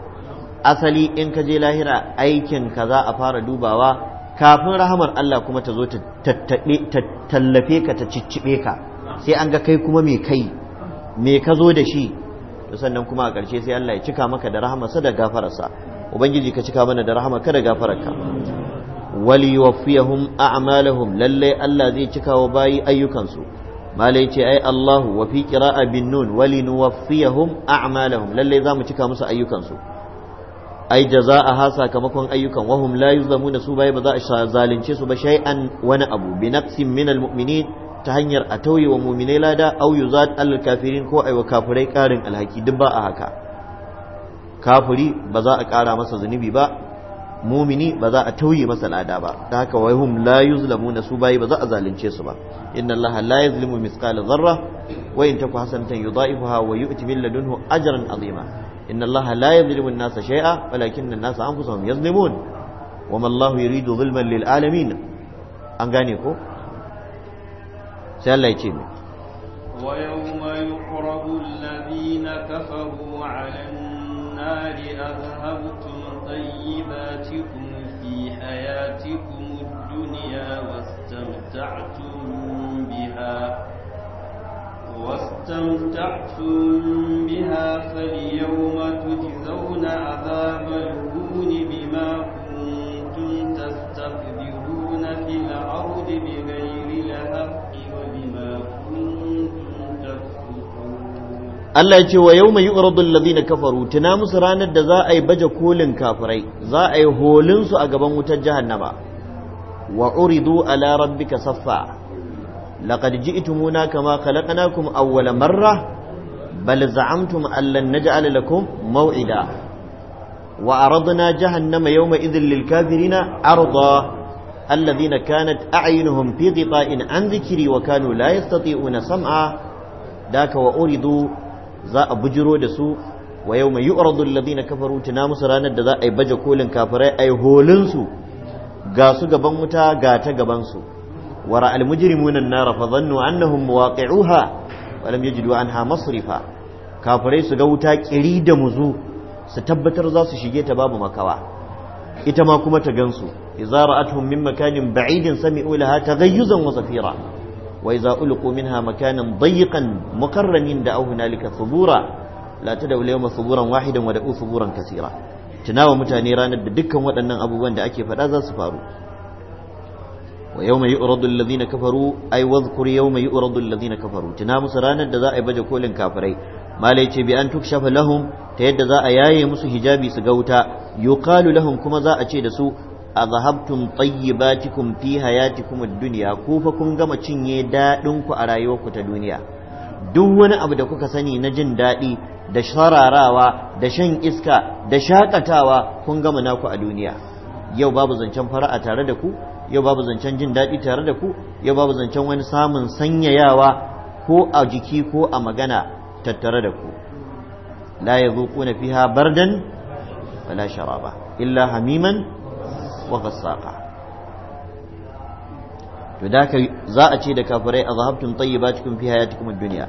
asali in ka je lahira aikin ka za a fara dubawa kafin rahamar Allah kuma ta zo ta tallafe ka ta ciccibe ka sai an ga kai kuma me kai me ka zo da shi to sannan kuma a ƙarshe sai Allah ya cika maka da rahama sa da gafararsa ubangiji ka cika mana da rahama kada gafararka wali yuwaffiyahum a'malahum lalle Allah zai cika wa bayi ayyukansu malai ce ai Allah wa fi qira'a bin nun wali nuwaffiyahum a'malahum lalle zamu cika musu ayyukansu ai ha sakamakon ayyukan wahum la yuzlamuna su bai ba za a zalunce su ba shay'an wani abu bi naqsin min almu'minin ta hanyar a tauye wa mu'minai lada au yuzat al kafirin ko ai wa kafirai karin alhaki duk ba a haka kafiri ba za a ƙara masa zunubi ba mumini ba za a tauye masa lada ba da haka wai hum la na su bayi ba za a zalunce su ba inna Allah la yuzlimu mithqala dharra wa in taku hasanatan yudha'ifuha wa yu'ti min ladunhu ajran azima inna Allah la yuzlimu an-nasa shay'a walakinna an-nasa anfusahum yuzlimun wa ma Allah yuridu zulman lil alamin an gane ko sai Allah ya ce ويوم يعرض الذين كفروا على النار النار أذهبتم طيباتكم في حياتكم الدنيا واستمتعتم بها واستمتعتم بها فاليوم تجزون عذاب الهون بما كنتم تستقدرون في الأرض بغير Allah ya ce wa yau mai yu'radu allazina kafaru tuna musu ranar da za a yi baje kolin kafirai za a yi holin a gaban wutar jahannama wa uridu ala rabbika saffa laqad ji'tumuna kama khalaqnakum awwala marra bal za'amtum an lan naj'al lakum maw'ida wa aradna jahannama yawma idhil lil kafirina arda allazina kanat a'yunuhum fi ghita'in an dhikri wa kanu la yastati'una sam'a daka wa uridu za a bujiro da su wa yau mai yu'radu kafar kafaru tuna musu ranar da za a yi baje kolin kafirai a yi holinsu. ga su gaban wuta ga ta gaban su wa ra'al mujrimuna an-nar fa dhannu annahum muwaqi'uha wa lam yajidu anha masrifa kafirai su ga wuta ƙiri da muzu su tabbatar za su shige ta babu makawa ita ma kuma ta gansu idza ra'atuhum min makanin ba'idin sami'u laha taghayyuzan wa zafira wa idza ulqu minha makanan dayiqan mukarramin da hunalika subura la tadaw yawma suburan wahidan wa da'u suburan kaseera tunawa mutane ranar da dukkan waɗannan abubuwan da ake faɗa za su faru wa yawma yu'radu alladhina kafaru ay wadhkur yawma yu'radu alladhina kafaru tuna musu ranar da za a yi baje kolin kafirai malai ce bi an tukshafa lahum ta yadda za a yaye musu hijabi su ga wuta yuqalu lahum kuma za a ce da su A azhabtum tayyibatikum fi hayatikum ad-dunya ko fa kun gama cinye dadin ku a rayuwarku ta duniya duk wani abu da kuka sani na jin daɗi da shararawa da shan iska da shakatawa kun gama naku a duniya yau babu zancen fara'a tare da ku yau babu zancen jin daɗi tare da ku yau babu zancen wani samun sanyayawa ko a jiki ko a magana tattare da ku la yazuquna fiha bardan wala sharaba illa hamiman wa to da ka za a ce da kafirai azhabtum tayyibatikum fi hayatikum ad-dunya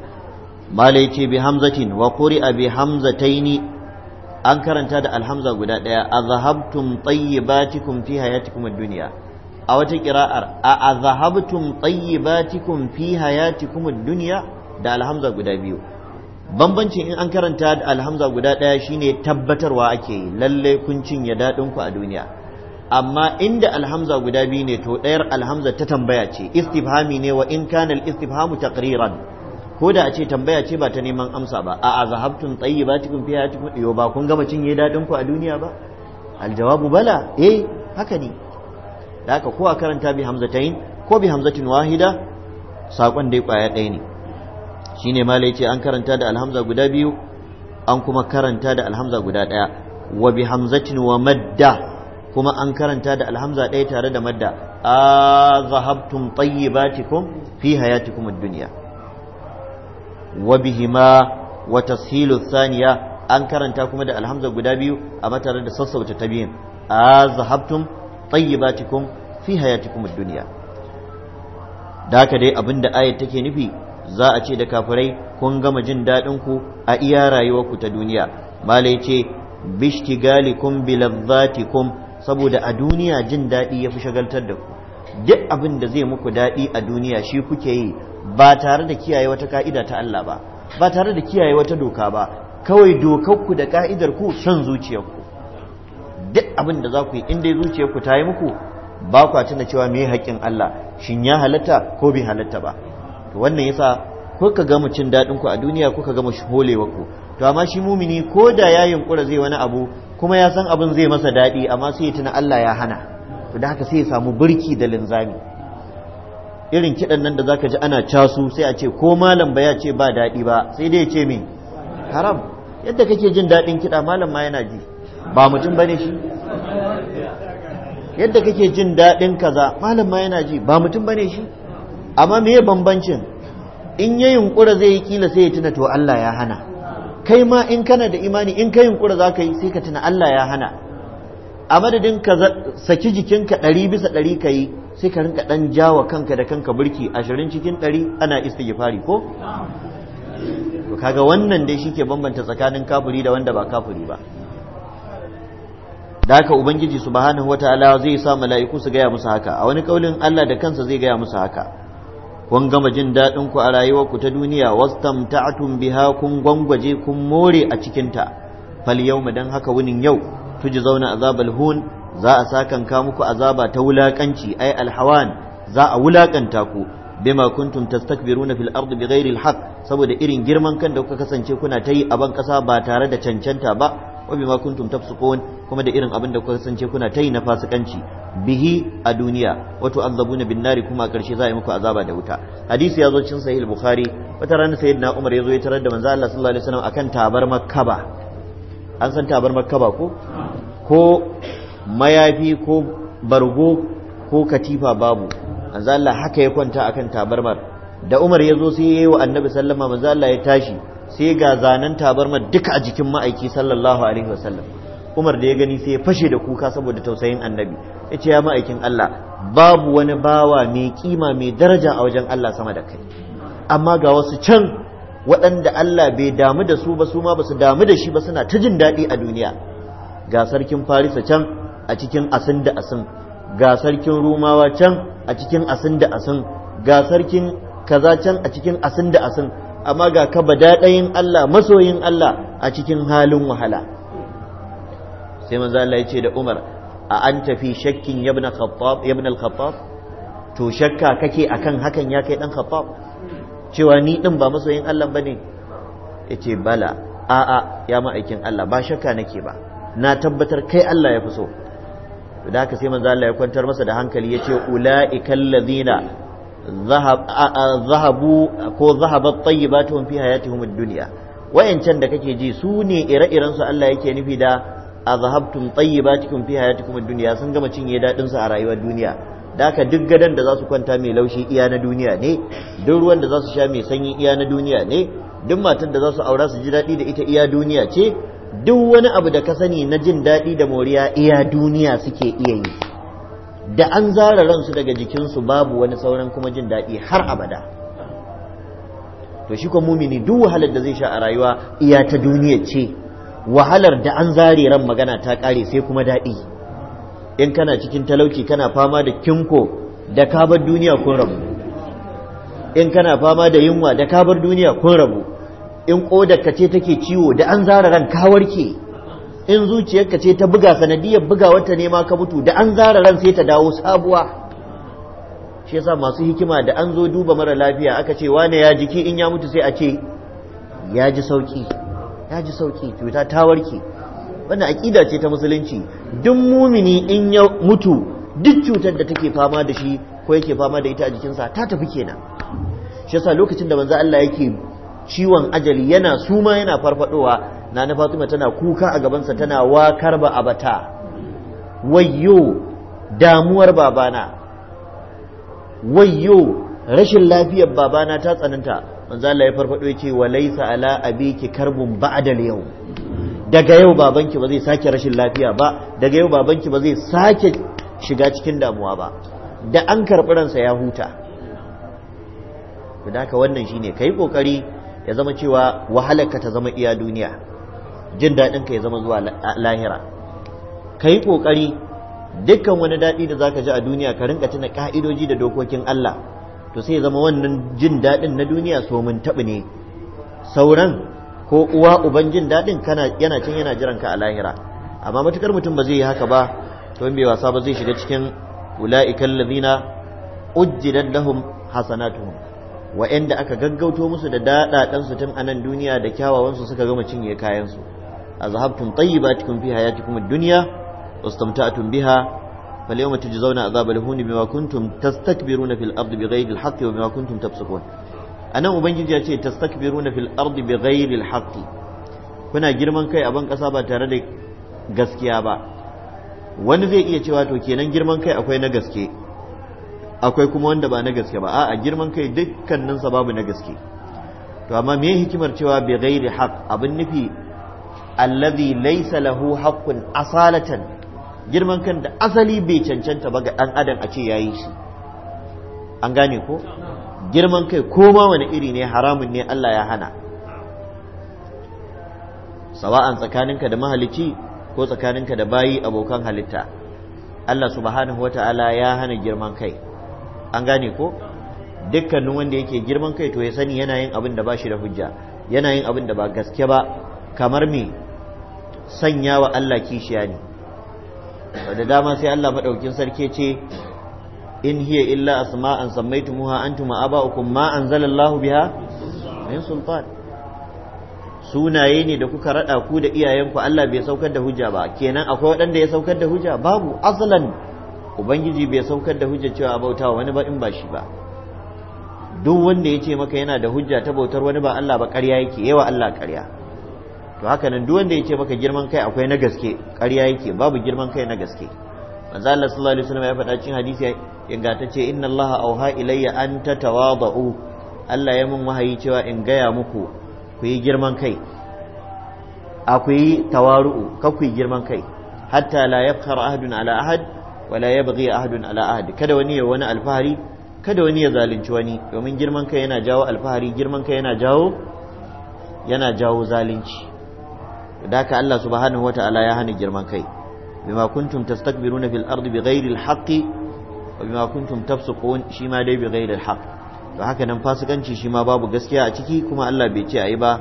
malai ce bi hamzatin wa quri bi hamzataini an karanta da alhamza guda daya azhabtum tayyibatikum fi hayatikum ad-dunya a wata kira'ar a azhabtum tayyibatikum fi hayatikum ad-dunya da alhamza guda biyu bambancin in an karanta da alhamza guda daya shine tabbatarwa ake yi lalle kun cinye dadin ku a duniya amma inda alhamza guda biyu ne to ɗayar alhamza ta tambaya ce istifhami ne wa in kana al-istifhamu taqriran ko da a ce tambaya ce ba ta neman amsa ba a azhabtum tayyibatikum ta hayatikum yo ba kun gama cinye dadin ku a duniya ba aljawabu bala eh haka ne da haka ko a karanta bi hamzatain ko bi hamzatin wahida sakon dai kwaya ɗaya ne shine ma ce an karanta da alhamza guda biyu an kuma karanta da alhamza guda ɗaya wa bi hamzatin wa madda kuma an karanta da alhamza ɗaya tare da madda a tsayi tayyibatikum fi hayatikum kuma duniya. wa bihima wata tashilu saniya an karanta kuma da alhamza guda biyu a tare da sassauta ta biyun a tsayi tayyibatikum fi hayatikum kuma duniya. da haka dai abinda ayat take nufi za a ce da kafirai kun gama jin daɗin ku a iya rayuwarku ta duniya malai ce bishtigalikum saboda a duniya jin daɗi ya fi shagaltar da ku duk abin da zai muku daɗi a duniya shi kuke yi ba tare da kiyaye wata ka'ida ta Allah ba ba tare da kiyaye wata doka ba kawai dokarku da ka'idar ku son zuciyarku duk abin da za ku yi in dai zuciyarku ta yi muku ba kwa tuna cewa me haƙƙin Allah shin ya halatta ko bai halatta ba to wannan yasa kuka ga cin daɗin ku a duniya kuka ga mu holewa ku to amma shi mumini ko da ya yunkura zai wani abu kuma ya san abin zai masa daɗi amma sai ya tuna Allah ya hana to da haka sai ya samu birki da linzami irin kiɗan nan da zaka ji ana casu sai a ce ko malam ba ya ce ba daɗi ba sai dai ya ce min, haram yadda kake jin daɗin kiɗa malam ma yana ji ba mutum bane shi yadda kake jin daɗin kaza malam ma yana ji ba mutum bane shi amma me bambancin in ya yunkura zai yi kila sai ya tuna to Allah ya hana kai ma in kana da imani in ka yunkura za ka yi sai ka tuna Allah ya hana a madadin ka saki jikinka ɗari bisa ɗari ka yi sai ka rinka ɗan jawa kanka da kanka burki ashirin cikin ɗari ana istighfari ko to kaga wannan dai shike bambanta tsakanin kafuri da wanda ba kafuri ba da haka ubangiji subhanahu wataala zai sa mala'iku su gaya musu haka a wani kaulin Allah da kansa zai gaya musu haka kun gama jin daɗin ku a rayuwarku ta duniya wastamta'tum biha kun gwangwaje kun more a cikin ta fal yawma dan haka wunin yau Tuji zauna azabal hun za a sakanka muku azaba ta wulakanci ai alhawan za a wulakanta ku bima kuntum tastakbiruna fil ardi bighairi alhaq saboda irin girman kan da kuka kasance kuna ta yi a ban kasa ba tare da cancanta ba wa bima kuntum tafsukun kuma da irin abin da kuka sance kuna ta yi na fasikanci bihi a duniya wato azabuna bin nari kuma karshe za a yi muku azaba da wuta hadisi ya zo cin sahih bukhari wata rana sayyidina umar ya zo ya tarar da manzo Allah sallallahu alaihi wasallam akan tabar makkaba an san tabar makkaba ko ko mayafi ko bargo ko katifa babu manzo Allah haka ya kwanta akan tabarmar da Umar ya zo sai yi wa Annabi sallama manzo Allah ya tashi sai ga zanen tabarmar duka a jikin ma'aiki sallallahu alaihi wasallam umar da ya gani sai ya fashe da kuka saboda tausayin annabi ya ce ya ma'aikin allah babu wani bawa mai kima mai daraja a wajen allah sama da kai amma ga wasu can waɗanda allah bai damu da su ba su ma ba su damu da shi ba suna ta jin daɗi a duniya ga sarkin farisa can a cikin asin da asin ga sarkin rumawa can a cikin asin da asin ga sarkin kaza can a cikin asin da asin amma ga ka daɗayin Allah masoyin Allah a cikin halin wahala sai manzo Allah ya ce da Umar a an tafi shakkin ibn khattab ibn al-khattab to shakka kake akan hakan ya kai dan khattab cewa ni din ba masoyin Allah bane yace bala a'a ya ma'aikin Allah ba shakka nake ba na tabbatar kai Allah ya fi so da haka sai manzo Allah ya kwantar masa da hankali yace ula'ikal ladina zahabu ko zahabat tayyibatuhum fi hayatihim ad-dunya wayancan da kake ji su ne ire-iren su Allah yake nufi da azhabtum tayyibatukum fi hayatikum ad-dunya sun gama cinye dadin su a rayuwar duniya da ka duk gadan da za su kwanta mai laushi iya na duniya ne duk ruwan da za su sha mai sanyi iya na duniya ne duk matar da za su aura su ji daɗi da ita iya duniya ce duk wani abu da ka sani na jin daɗi da moriya iya duniya suke iya yi da an zara ransu daga jikinsu babu wani sauran kuma jin daɗi har abada to shi kuma mumini duk wahalar da zai sha a rayuwa iya ta duniya ce wahalar da an zare ran magana ta ƙare sai kuma daɗi in kana cikin talauci kana fama da kinko da kabar duniya kun rabu in kana fama da yunwa da kabar duniya kun rabu in ka ce take ciwo da an zara ran ka warke in zuciyarka ce ta buga sanadiyar buga wata nema ka mutu da an zara ran sai ta dawo sabuwa shi yasa masu hikima da an zo duba mara lafiya aka ce wane ya jiki in ya mutu sai a ce ya ji sauki ya ji sauki cuta ta warke wannan aƙida ce ta musulunci duk mumini in ya mutu duk cutar da take fama da shi ko yake fama da ita a jikin sa ta tafi kenan shi yasa lokacin da manzo Allah yake ciwon ajali yana suma yana farfadowa nana fatima tana kuka a gabansa tana wakar ba abata wayyo damuwar babana wayyo rashin lafiyar babana ta tsananta manzo Allah ya farfado yace wa ala abiki karbun ba'da yau daga yau babanki ba zai sake rashin lafiya ba daga yau babanki ba zai sake shiga cikin damuwa ba da an karɓi ransa ya huta da ka wannan shine kai kokari ya zama cewa wahalarka ta zama iya duniya jin daɗin ka ya zama zuwa lahira ka yi ƙoƙari dukkan wani daɗi da zaka ji a duniya ka rinka tuna ƙa'idoji da dokokin Allah to sai zama wannan jin daɗin na duniya so mun taɓi ne sauran ko uwa uban jin daɗin kana yana can yana jiran ka a lahira amma matukar mutum ba zai yi haka ba to in bai wasa ba zai shiga cikin ula'ikal ladina ujjidat lahum hasanatuhum wa'anda aka gaggauto musu da daɗaɗansu tun anan duniya da kyawawansu suka gama cinye kayansu azhabtum tayyibatikum fi hayatikum ad-dunya wastamta'tum biha فاليوم تجزون عذاب الهون بما كنتم تستكبرون في الأرض بغير الحق وبما كنتم تفسقون أنا أبنجي يا شيء تستكبرون في الأرض بغير الحق kuna girman kai a ban ƙasa ba tare da gaskiya ba wani zai iya cewa to kenan girman kai akwai na gaske akwai kuma wanda ba na gaske ba a'a girman kai dukkaninsa babu na gaske to amma me hikimar cewa bi ghairi haqq abin nufi allazi laysa lahu haqqun asalatan girman kan da asali bai cancanta ba ga dan adam a ce yayi shi an gane ko girman kai koma wani iri ne haramun ne Allah ya hana sawa'an tsakaninka da mahalicci ko tsakaninka da bayi abokan halitta Allah subhanahu wata'ala ya hana girman kai an gane ko dukkanin wanda yake girman kai to ya sani yana yin abin da ba shi da hujja yana yin abin da ba gaske ba kamar me sanya wa Allah kishiya ne da dama sai Allah maɗaukin sarki ce in hiya illa asma'an sammaytumuha antum aba'ukum ma anzalallahu biha min sultan sunaye ne da kuka rada ku da iyayenku Allah bai saukar da hujja ba kenan akwai waɗanda ya saukar da hujja babu asalan ubangiji bai saukar da hujja cewa bautawa wani ba in ba shi ba duk wanda ya ce maka yana da hujja ta bautar wani ba Allah ba ƙarya yake yawa Allah ƙarya to haka nan duk wanda ya ce maka girman kai akwai na gaske ƙarya yake babu girman kai na gaske manzo Allah sallallahu alaihi wasallam ya faɗa cikin hadisi ce inna Allah auha ilayya an tatawadu Allah ya mun wahayi cewa in gaya muku ku yi girman kai a ku yi tawaru'u ka ku yi girman kai hatta la yabkhar ahadun ala ahad la yabghi ahadun ala ahad kada wani ya wani alfahari kada wani ya zalunci wani domin girman kai yana jawo alfahari girman kai yana jawo yana jawo zalunci da haka Allah subhanahu wata'ala ya hana girman kai bima kuntum tastakbiruna fil ardi bighairi alhaqi wa bima kuntum tafsiqun shi ma dai bighairi alhaq to haka nan fasikanci shima babu gaskiya a ciki kuma Allah bai ce ayi ba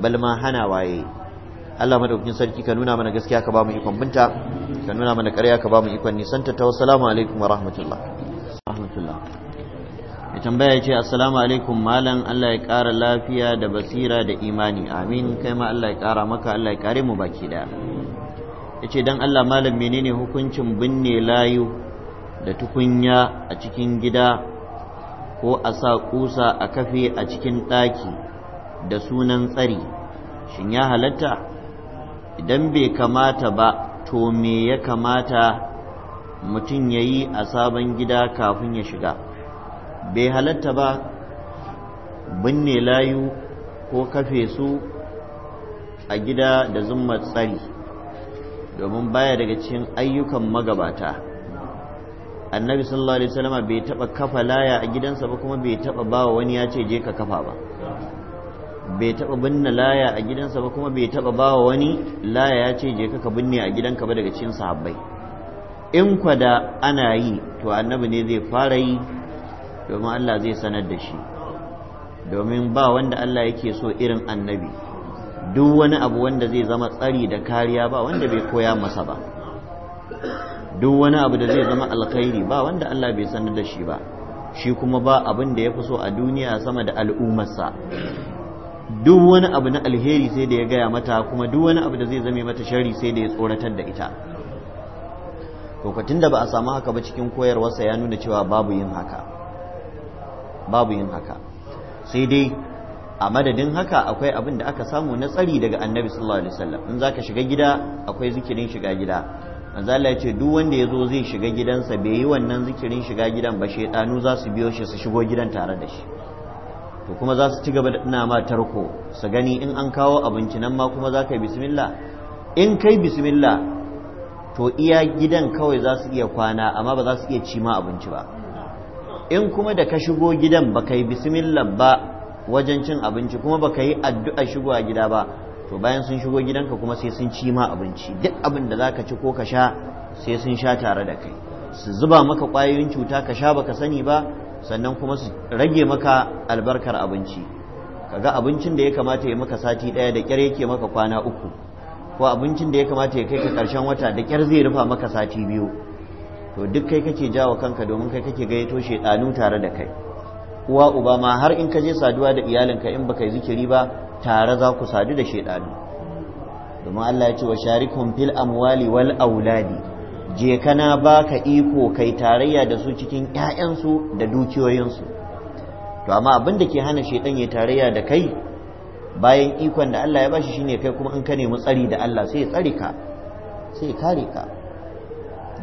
bal ma hana waye Allah madaukakin sarki ka nuna mana gaskiya ka ba mu ikon binta ka nuna mana ƙarya ka ba mu ikon nisanta ta wassalamu alaikum wa rahmatullah rahmatullah ya tambaya ya ce assalamu alaikum malam Allah ya kara lafiya da basira da imani amin kai ma Allah ya ƙara maka Allah ya ƙare mu baki da ya ce don Allah malam menene hukuncin binne layu da tukunya a cikin gida ko a sa kusa a kafe a cikin ɗaki da sunan tsari shin ya halatta idan bai kamata ba to me ya kamata mutum ya yi a sabon gida kafin ya shiga bai halatta ba binne layu ko kafe su a gida da zumma tsari domin baya daga cikin ayyukan magabata annabi sallallahu alaihi wasallama bai taba kafa laya a gidansa ba kuma bai taba bawa wani ya ce je ka kafa ba bai taba binne laya a gidansa ba kuma bai taba bawa wani laya ya ce je ka ka binne a gidanka ba daga cikin sahabbai in kwada ana yi to annabi ne zai fara yi domin Allah zai sanar da shi domin ba wanda Allah yake so irin annabi duk wani abu wanda zai zama tsari da kariya ba wanda bai koya masa ba duk wani abu da zai zama alkhairi ba wanda Allah bai sanar da shi ba shi kuma ba abin da ya fi so a duniya sama da al'ummarsa duk wani abu na alheri sai da ya gaya mata kuma duk wani abu da zai zame mata shari sai da ya tsoratar da ita lokacin da ba a samu haka ba cikin koyarwarsa ya nuna cewa babu yin haka babu yin haka sai dai a madadin haka akwai abin da aka samu na tsari daga annabi sallallahu alaihi wasallam in zaka shiga gida akwai zikirin shiga gida manzo Allah ya ce duk wanda yazo zai shiga gidansa bai yi wannan zikirin shiga gidan ba shedanu za su biyo shi su shigo gidan tare da shi to kuma za su ci gaba da ina ma tarko su gani in an kawo abinci nan ma kuma za ka yi bismillah in kai bismillah to iya gidan kawai za su iya kwana amma ba za su iya ci ma abinci ba in kuma da ka shigo gidan ba ka yi bismillah ba wajen cin abinci kuma ba ka yi addu'a shigo a gida ba to bayan sun shigo gidanka kuma sai sun ci ma abinci duk abin da ka ci ko ka sha sai sun sha tare da kai su zuba maka ƙwayoyin cuta ka sha ba ka sani ba sannan kuma su rage maka albarkar abinci ka ga abincin da ya kamata ya maka sati ɗaya da ƙyar yake maka kwana uku ko abincin da ya kamata ya kai ka ƙarshen wata da ƙyar zai rufa maka sati biyu to duk kai kake jawo kanka domin kai kake gayyato shedanu tare da kai uwa uba ma har in ka je saduwa da iyalinka in baka yi zikiri ba tare za ku sadu da shedanu domin Allah ya ce wa sharikum fil amwali wal auladi je kana baka iko kai tarayya da su cikin 'ya'yansu da dukiyoyinsu to amma abin da ke hana shedan ya tarayya da kai bayan ikon da Allah ya bashi shine kai kuma in ka nemi tsari da Allah sai ya tsare ka sai ya kare ka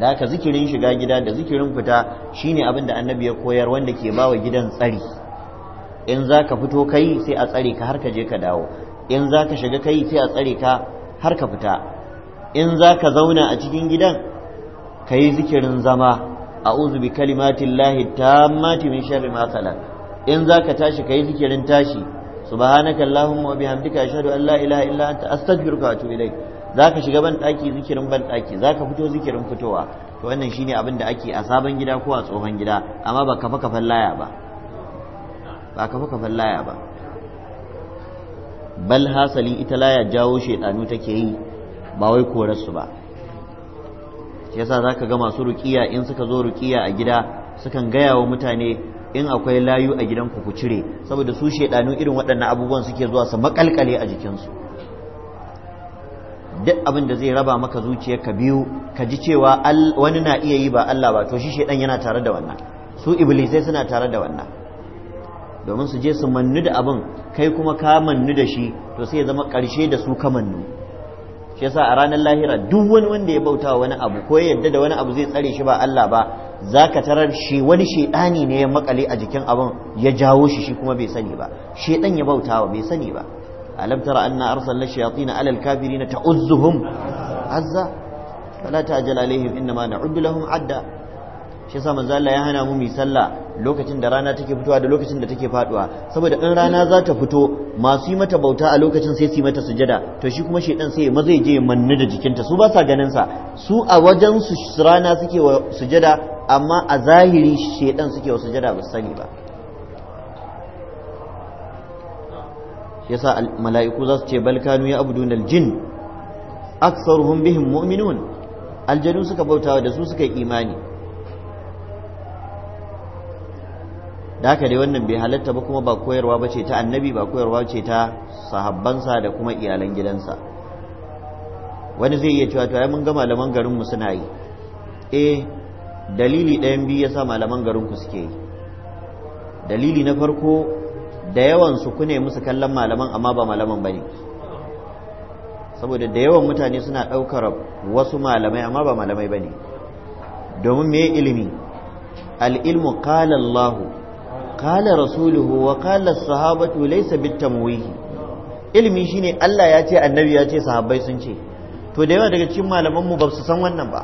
da haka zikirin shiga gida da zikirin fita shine abin da annabi ya koyar wanda ke bawa gidan tsari in za ka fito kai sai a tsare ka har ka je ka dawo in za ka shiga kai sai a tsare ka har ka fita in za ka zauna a cikin gidan ka yi zikirin zama uzu bi kalimatin lahi mati min sharri ma in za ka tashi ka yi zikirin tashi subhanaka allahumma wa bihamdika ashhadu an la ilaha illa anta astaghfiruka wa atubu ilaik za ka shiga ban ɗaki zikirin ban ɗaki za ka fito zikirin fitowa to wannan shine abin da ake a sabon gida ko a tsohon gida amma ba kafa kafan laya ba ba kafa kafan laya ba bal hasali ita laya jawo shaidanu take yi ba wai korarsu ba shi yasa za ka ga masu rukiya in suka zo rukiya a gida sukan gaya wa mutane in akwai layu a gidan ku cire saboda su shaidanu irin waɗannan abubuwan suke zuwa su makalkale a jikinsu duk abin da zai raba maka ka biyu ka ji cewa wani na iya yi ba Allah ba to shi shedan yana tare da wannan su iblisai suna tare da wannan domin su je su mannu da abin kai kuma ka mannu da shi to sai ya zama karshe da su ka mannu shi yasa a ranar lahira duk wani wanda ya bauta wani abu ko ya yadda da wani abu zai tsare shi ba Allah ba zaka tarar shi wani shedani ne ya makale a jikin abin ya jawo shi shi kuma bai sani ba shedan ya bautawa bai sani ba alam tara anna arsalna shayatin na alkafirin ta'uzzuhum azza fala ta'jal alaihim innama na'uddu lahum adda shi yasa manzo Allah ya hana mu mi sallah lokacin da rana take fitowa da lokacin da take faduwa saboda in rana za ta fito masu yi mata bauta a lokacin sai su yi mata sujada to shi kuma shedan sai ma zai je manne da jikinta su ba sa ganin sa su a wajen su rana suke wa sujada amma a zahiri shedan suke wa sujada ba sani ba yasa mala'iku za su ce balkanu ya abudu na jin aktsaruhum bihin mu'minun aljanu suka bautawa da su suka yi imani da haka dai wannan bai halatta ba kuma ba koyarwa ba ce ta annabi ba koyarwa ce ta sahabbansa da kuma iyalan gidansa wani zai iya cewa to ai mun ga malaman garinmu suna yi eh dalili ɗayan biyu ya sa malaman garinku suke yi dalili na farko da yawan su kune musu kallon malaman amma ba malaman bane saboda da yawan mutane suna ɗaukar wasu malamai amma ba malamai bane domin me ilimi al-ilmu qala Allah qala rasuluhu wa qala sahabatu laysa bit-tamwihi ilimi shine Allah ya ce annabi ya ce sahabbai sun ce to da yawa daga cikin malaman mu ba su san wannan ba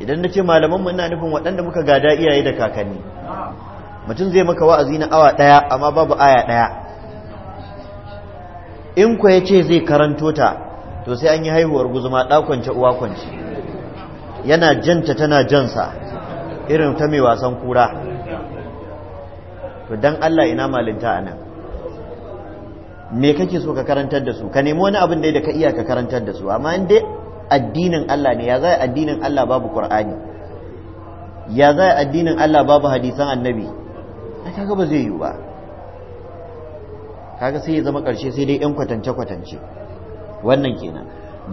idan na ce malaman mu ina nufin waɗanda muka gada iyaye da kakanni mutum zai maka wa'azi na awa ɗaya amma babu aya ɗaya in kwa ya ce zai karanto ta to sai an yi haihuwar guzuma ɗakwance uwa kwance yana janta tana jansa irin ta mai wasan kura to don Allah ina malinta a nan me kake so ka karantar da su ka nemi wani abin da ka iya ka karantar da su amma inda addinin Allah ne ya zai addinin Allah babu Qur'ani ya zai addinin Allah babu hadisan annabi kaga ba zai yi ba kaga sai ya zama ƙarshe sai dai 'yan kwatance-kwatance wannan kenan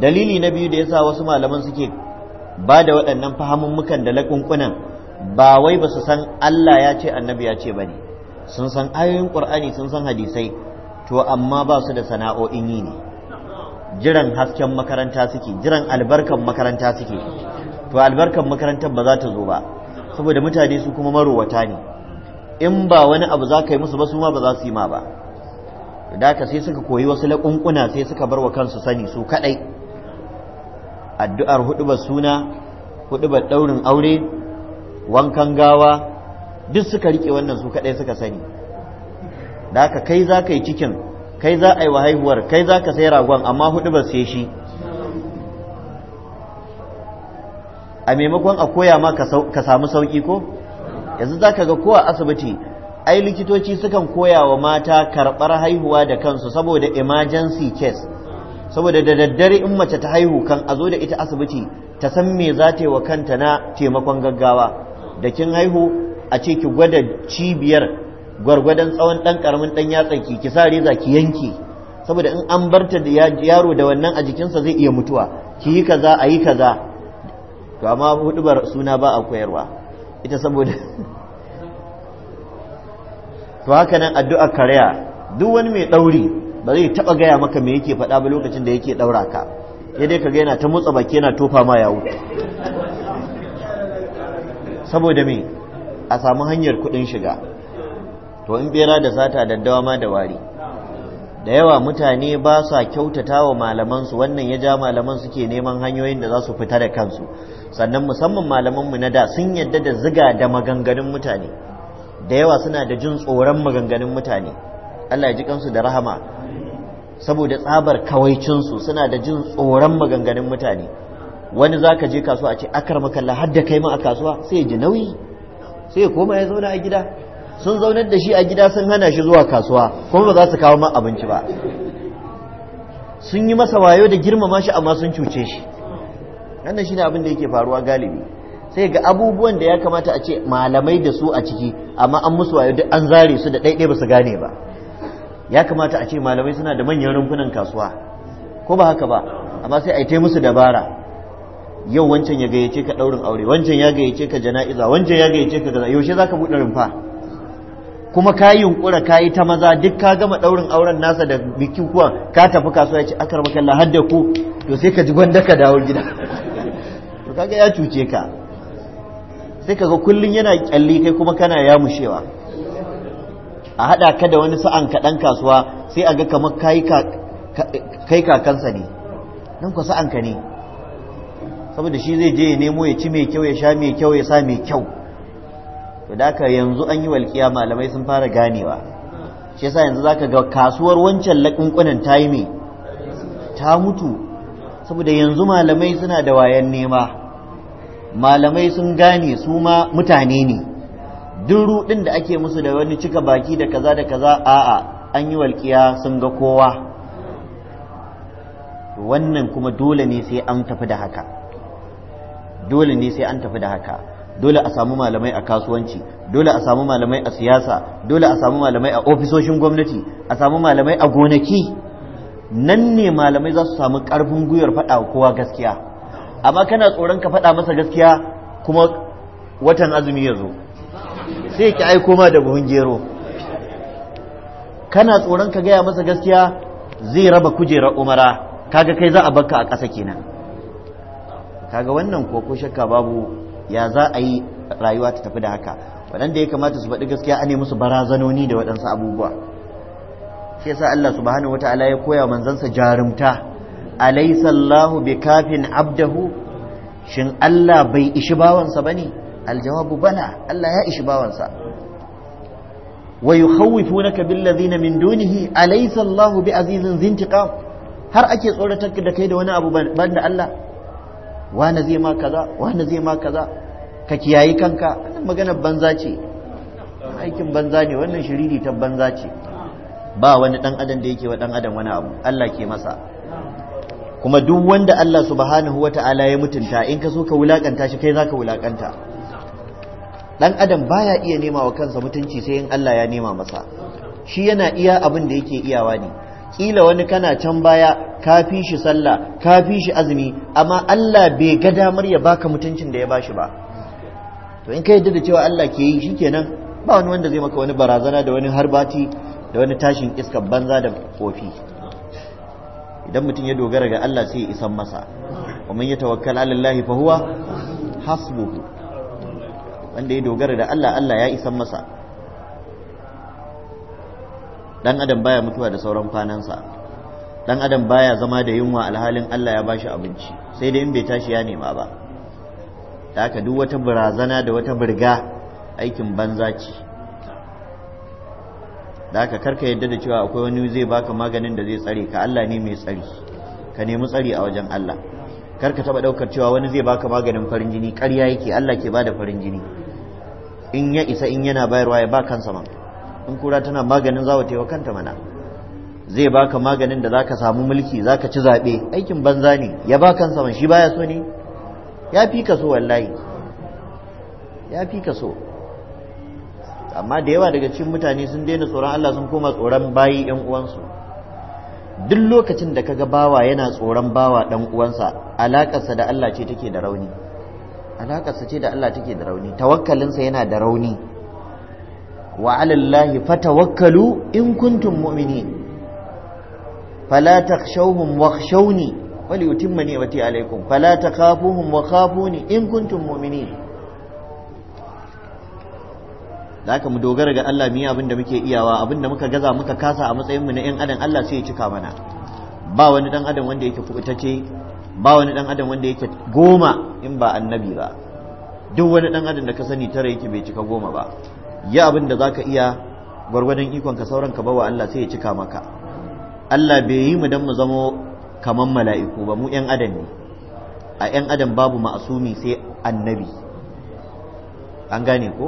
dalili na biyu da yasa wasu malaman suke ba da waɗannan mukan da laƙunƙunan ba wai ba su san Allah ya ce annabi ya ce ba ne sun san ayoyin ƙur'ani sun san hadisai to amma ba su da sana'o'in yi ne jiran hasken makaranta suke jiran albarkan makaranta suke to albarkan makarantar ba za ta zo ba saboda mutane su kuma marowata ne in ba wani abu za ka yi musu ba su ma ba za su yi ma ba da ka sai suka koyi wasu laƙunƙuna sai suka bar wa kansu sani su kaɗai addu'ar huɗubar suna huɗubar ɗaurin aure wankan gawa duk suka riƙe wannan su kaɗai suka sani da ka kai za ka yi cikin kai za a yi wa haihuwar kai za ka sai ragon amma huɗubar sai shi a maimakon a koya ma ka samu sauƙi ko yanzu za ka ga ko a asibiti ai likitoci sukan koya wa mata karɓar haihuwa da kansu saboda emergency case saboda da daddare in mace ta haihu kan a zo da ita asibiti ta san me za ta yi wa kanta na taimakon gaggawa da kin haihu a ce ki gwada cibiyar gwargwadon tsawon ɗan ƙaramin ɗan yatsa ki ki sa reza ki yanke, saboda in an barta da yaro da wannan a jikinsa zai iya mutuwa ki yi kaza a yi kaza to amma hudubar suna ba a koyarwa ita saboda to haka nan addu'ar karya duk wani mai ɗauri ba zai taɓa gaya maka me yake faɗa ba lokacin da yake ɗaura ka sai dai kaga yana ta motsa baki yana tofa ma yawo saboda me a samu hanyar kuɗin shiga to in bera da sata daddawa ma da wari da yawa mutane ba sa kyautata wa malamansu wannan ya ja malaman suke neman hanyoyin da za su fita da kansu sannan musamman malamanmu na da sun yadda da ziga da maganganun mutane da yawa suna da jin tsoron maganganun mutane Allah ya ji kansu da rahama saboda tsabar kawaicinsu suna da jin tsoron maganganun mutane wani za ka je kasuwa a ce akar makalla har da kai ma a kasuwa sai ya ji nauyi sai ya koma ya zauna a gida sun zaunar da shi a gida sun hana shi zuwa kasuwa kuma ba za su kawo ma abinci ba sun yi masa wayo da girmama shi amma sun cuce shi wannan shine abin da yake faruwa galibi sai ga abubuwan da ya kamata a ce malamai da su a ciki amma an musu wayo duk an zare su da ɗaiɗai ba su gane ba ya kamata a ce malamai suna da manyan rumfunan kasuwa ko ba haka ba amma sai a yi musu dabara yau wancan ya gayyace ka ɗaurin aure wancan ya gayyace ka jana'iza wancan ya gayyace ka gaza yaushe zaka buɗe rumfa kuma ka yi yunkura ka yi ta maza duk ka gama ɗaurin auren nasa da bikin kuwa ka tafi kasuwa ya ce akar makalla har da ku to sai ka ji gwanda ka dawo gida to kaga ya cuce ka sai kaga kullun yana kyalli kai kuma kana yamushewa a hada ka da wani sa'an kaɗan kasuwa sai a kamar kai kakansa ne nan ku sa'an ka ne saboda shi zai je ya nemo ya ci mai kyau ya sha mai kyau ya sa mai kyau to da ka yanzu an yi walƙiya malamai sun fara ganewa shi yasa yanzu zaka ga kasuwar wancan lakunkunan ta yi mai ta mutu saboda yanzu malamai suna da wayan nema malamai sun gane su ma mutane ne duk ruɗin da ake musu da wani cika baki da kaza da kaza a'a an yi walƙiya sun ga kowa wannan kuma dole ne sai an tafi da haka dole ne sai an tafi da haka dole a samu malamai a kasuwanci dole a samu malamai a siyasa dole a samu malamai a ofisoshin gwamnati a samu malamai a gonaki nan ne malamai za su samu ƙarfin gwiwar faɗa kowa gaskiya amma kana tsoron ka faɗa masa gaskiya kuma watan azumi ya zo sai ki aiko ma da buhun gero kana tsoron ka gaya masa gaskiya zai raba kujerar umara kaga kai za a bakka a ƙasa kenan kaga wannan ko ko shakka babu ya za a yi rayuwa ta tafi da haka waɗanda ya kamata su faɗi gaskiya a ne musu barazanoni da waɗansu abubuwa sai sa Allah subhanahu wataala ya koya manzansa jarumta alaysa Allahu bikafin abdahu shin Allah bai ishi bawansa bane aljawabu bala Allah ya ishi bawansa wa yukhawifunaka billadhina min dunihi alaysa Allahu biazizin zintiqam har ake tsoratar da kai da wani abu banda Allah wani zai ma kaza wani zai ma kaza ka kiyayi kanka wannan maganar banza ce aikin banza ne wannan shiriri ta banza ce ba wani dan adam da yake wa dan adam wani abu Allah ke masa kuma duk wanda Allah subhanahu ta'ala ya mutunta in ka so ka wulakanta shi kai zaka wulakanta dan adam baya iya nema wa kansa mutunci sai in Allah ya nema masa shi yana iya abin da yake iyawa ne kila wani kana can baya ka fi shi sallah ka fi shi azumi amma Allah bai ga damar ya baka mutuncin da ya bashi ba to in ka yadda da cewa Allah ke yi shikenan ba wani wanda zai maka wani barazana da wani harbati da wani tashin iskar banza da kofi idan mutum ya dogara ga Allah sai ya isan masa wa man yatawakkal ala Allah fa huwa hasbuhu wanda ya dogara da Allah Allah ya isan masa dan adam baya mutuwa da sauran kwanansa dan adam baya zama da yunwa alhalin Allah ya bashi abinci sai dai in bai tashi ya nema ba da haka duk wata barazana da wata birga aikin banza ce da aka karka yadda da cewa akwai wani zai baka maganin da zai tsare ka Allah ne mai tsari ka nemi tsari a wajen Allah karka taba daukar cewa wani zai baka maganin farin jini ƙarya yake Allah ke bada farin jini in ya isa in yana bayarwa ya ba kansa man in kura tana maganin zawo ta kanta mana zai baka maganin da zaka samu mulki zaka ci zabe aikin banza ne ya ba kansa man shi baya so ne ya fi ka so wallahi ya fi ka so amma da yawa daga cikin mutane sun daina tsoron Allah sun koma tsoron bayi yan uwansu duk lokacin da kaga bawa yana tsoron bawa dan uwansa alakarsa da Allah ce take da rauni alakarsa ce da Allah take da rauni tawakkalinsa yana da rauni wa alallahi fatawakkalu in kuntum mu'minin fala takhshawhum wakhshawni وليتم alaykum fala takhafuhum wa khafuni in kuntum مؤمنين da ka mu dogara ga Allah miya abinda muke iyawa abinda muka gaza muka kasa a matsayin mu na yan adam Allah sai ya cika mana ba wani dan adam wanda yake kubutace ba wani dan adam wanda yake goma in ba annabi ba duk wani dan adam da ka sani tara yake bai cika goma ba ya abin da zaka iya gwargwadon ikon ka sauran ka bawa Allah sai ya cika maka Allah bai yi mu dan mu zamo kaman mala'iku ba mu yan adam ne a yan adam babu ma'asumi sai annabi an gane ko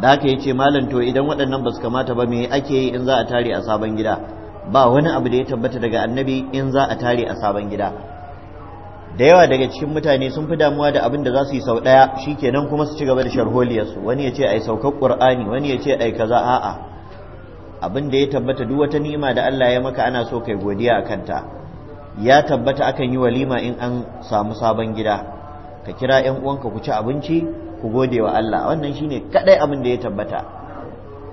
da haka ya ce malam to idan waɗannan ba su kamata ba me ake yi in za a tare a sabon gida ba wani abu da ya tabbata daga annabi in za a tare a sabon gida da yawa daga cikin mutane sun fi damuwa da abin da za su yi sau ɗaya shi kenan kuma su ci gaba da sharholiyarsu wani ya ce a yi saukar ƙur'ani wani ya ce a yi kaza a'a abin da ya tabbata duk wata ni'ima da Allah ya maka ana so kai godiya a kanta ya tabbata akan yi walima in an samu sabon gida ka kira 'yan uwanka ku ci abinci ku gode wa Allah wannan shine kaɗai abin da ya tabbata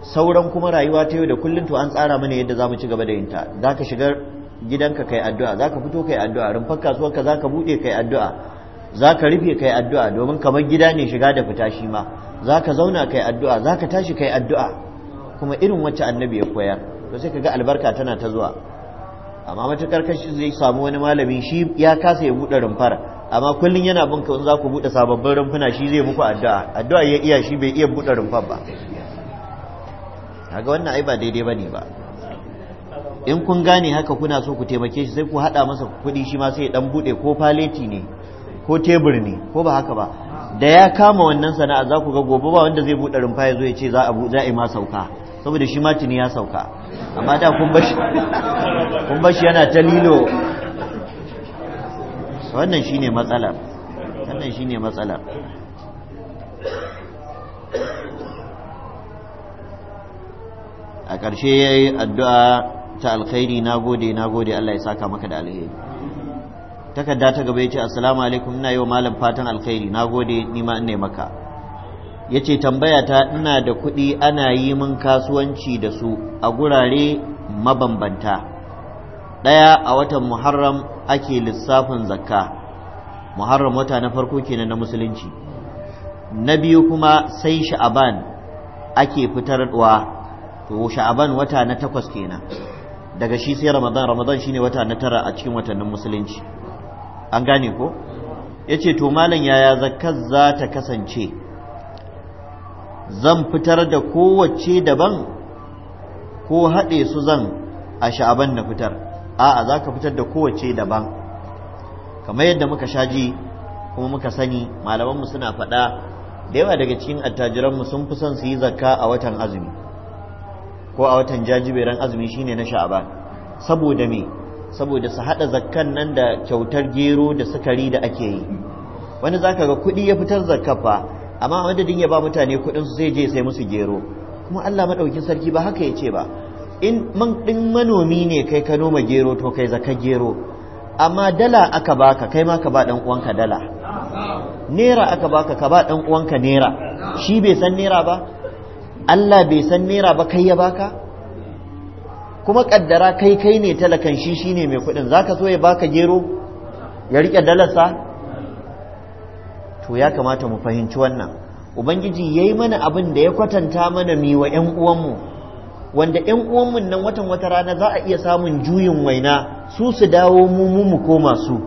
sauran kuma rayuwa ta yau da kullum to an tsara mana yadda zamu ci gaba da yinta zaka shiga gidanka kai addu'a zaka fito kai addu'a rumfar kasuwarka zaka buɗe kai addu'a ka rufe kai addu'a domin kamar gida ne shiga da fita shi ma zaka zauna kai addu'a zaka tashi kai addu'a kuma irin wacce annabi ya koyar to sai ga albarka tana ta zuwa amma matukar kashi zai samu wani malami shi ya kasa ya buɗe rumfar amma kullun yana bin ka za ku bude sababbin rumfuna shi zai muku addu'a addu'a ya iya shi bai iya bude rumfa ba kaga wannan ai ba daidai bane ba in kun gane haka kuna so ku taimake shi sai ku hada masa kuɗi shi ma sai dan bude ko faleti ne ko tebur ne ko ba haka ba da ya kama wannan sana'a za ku ga gobe ba wanda zai bude rumfa ya zo ya ce za a za a ma sauka saboda shi ma tuni ya sauka amma da kun bashi (laughs) kun bashi yana ta lilo wannan shine matsalar wannan shine matsalar a ƙarshe ya yi addu'a ta alkhairi na gode na gode Allah ya saka maka da alheri takarda ta gaba ya ce assalamu alaikum na yau malam fatan alkhairi na gode nima ne maka ya ce tambaya ta ina da kuɗi ana yi min kasuwanci da su a gurare mabambanta ɗaya a watan muharram ake lissafin zakka muharram wata na farko kenan na musulunci na biyu kuma sai sha'aban ake fitarwa to sha'aban wata na takwas kenan daga shi sai ramadan ramadan shine wata na tara a cikin watannin musulunci an gane ko yace to malam yaya zakkar za ta kasance zan fitar da kowace daban ko haɗe su zan a sha'aban na fitar a'a za ka fitar da kowace daban kamar yadda muka sha ji kuma muka sani malamanmu suna faɗa da yawa daga cikin attajiranmu sun fi son su yi zakka a watan azumi ko a watan jajiberan azumi shine na sha'aban saboda me saboda su haɗa zakkan nan da kyautar gero da sukari da ake yi wani zaka ga kuɗi ya fitar zakka fa amma madadin ya ba mutane kuɗin su sai je sai musu gero kuma Allah maɗaukin sarki ba haka ya ce ba in man ɗin manomi ne kai ka noma gero to kai zaka gero amma dala aka baka kai ma ka ba ɗan uwanka dala nera aka baka ka ba ɗan uwanka nera shi bai san nera ba Allah bai san nera ba kai ya baka kuma kaddara kai kai ne talakan shi shine mai kuɗin zaka so ya baka gero ya rike dalarsa to ya kamata mu fahimci wannan ubangiji yayi mana abin da ya kwatanta mana mi wa ƴan mu wanda 'yan uwanmu nan watan wata rana za a iya samun juyin waina su su dawo mu mu mu koma su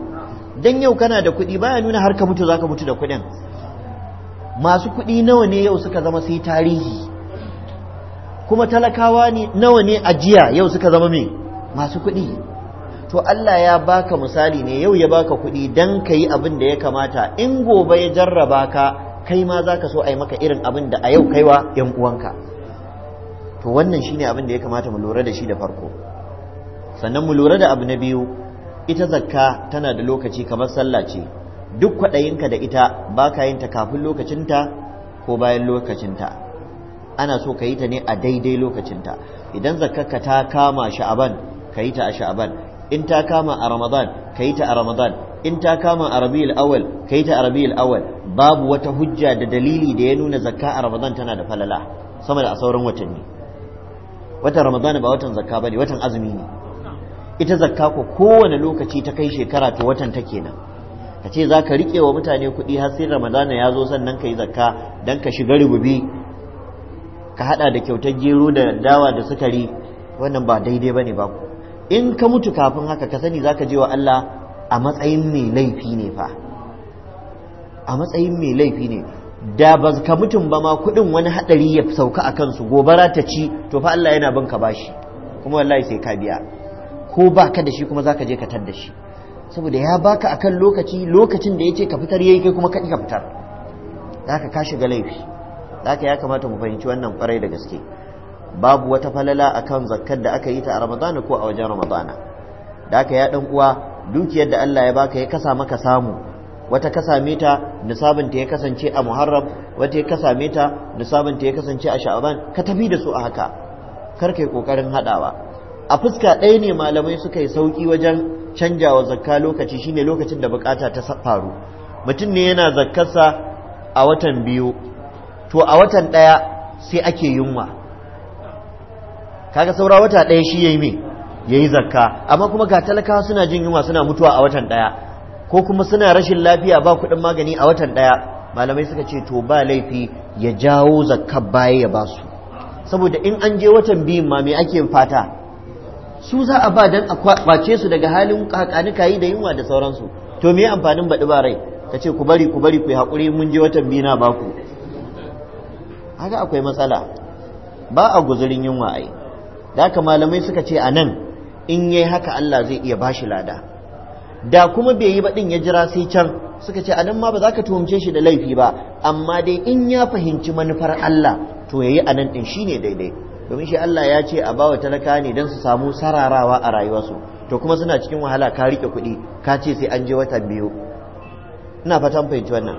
dan yau kana da kuɗi baya nuna har ka mutu za ka mutu da kuɗin masu kuɗi nawa ne yau suka zama sai tarihi kuma talakawa ne nawa ne ajiya yau suka zama me masu kuɗi to Allah ya baka misali ne yau ya baka kuɗi dan ka yi abin da ya kamata in gobe ya jarraba ka kai ma za ka so a yi maka irin abin da a yau kaiwa 'yan uwanka. to wannan shi ne abin da ya kamata mu lura da shi da farko sannan mu lura da abu na biyu ita zakka tana da lokaci kamar sallah ce duk kwaɗayinka da ita ba ka yin ta kafin lokacinta ko bayan lokacinta ana so ka yi ta ne a daidai lokacinta idan zakka ta kama sha'aban ka yi ta a sha'aban in ta kama a ramadan ka yi ta a ramadan in ta kama a rabi'ul awal ka yi ta a rabi'ul awal babu wata hujja da dalili da ya nuna zakka a ramadan tana da falala sama da a sauran watanni watan ramadana ba watan zakka bane watan azumi ne ita zakka ko kowane lokaci ta kai shekara to watan ta kenan ka ce za ka riƙe wa mutane kuɗi har sai ramadana ya zo sannan ka yi zakka don ka shiga rububi ka haɗa da kyautar gero da dawa da sukari wannan ba daidai ba ne ba ku in ka mutu kafin haka ka sani za ka je wa Allah a matsayin mai laifi ne fa a matsayin mai laifi ne da ba ka mutum ba ma kuɗin wani haɗari ya sauka a kansu gobara ta ci to fa Allah yana bin ka bashi kuma wallahi sai ka biya ko ba ka da shi kuma za ka je ka tar shi saboda ya baka akan lokaci lokacin da ya ce ka fitar yayi kai kuma ka ka fitar za ka ka shiga laifi za ka ya kamata mu fahimci wannan kwarai da gaske babu wata falala akan zakkar da aka yi ta a ramadana ko a wajen ramadana da aka ya dan uwa dukiyar da Allah ya baka ya kasa maka samu wata ka same ta nisabin ta ya kasance a muharram wata ka same ta nisabin ta ya kasance a sha'aban ka tafi da su a haka kar kai kokarin hadawa a fuska ɗaya ne malamai suka yi sauki wajen canjawa zakka lokaci shine lokacin da bukata ta faru mutum ne yana zakkarsa a watan biyu to a watan ɗaya sai ake yunwa kaga saura wata ɗaya shi yayi me yayi zakka amma kuma ga talakawa suna jin yunwa suna mutuwa a watan ɗaya ko kuma suna rashin lafiya ba kuɗin magani a watan ɗaya malamai suka ce to ba laifi ya jawo zakka baya ya basu. saboda in an je watan biyun ma me ake fata su za a ba dan a kwace su daga halin kakanika yi da yunwa da sauransu to me amfanin baɗi ba rai ka ce ku bari ku bari ku yi haƙuri mun je watan biyu na ku. haka akwai matsala ba a guzurin yunwa ai da haka malamai suka ce a nan in yi haka Allah zai iya bashi lada da kuma bai yi baɗin ya jira sai can suka ce anan ma ba za ka tuhumce shi da laifi ba amma dai in ya fahimci manufar Allah to yayi anan din shine daidai domin shi Allah ya ce a bawa talaka ne don su samu sararawa a rayuwarsu to kuma suna cikin wahala ka rike kuɗi ka ce sai an je watan biyu ina fatan fahimci wannan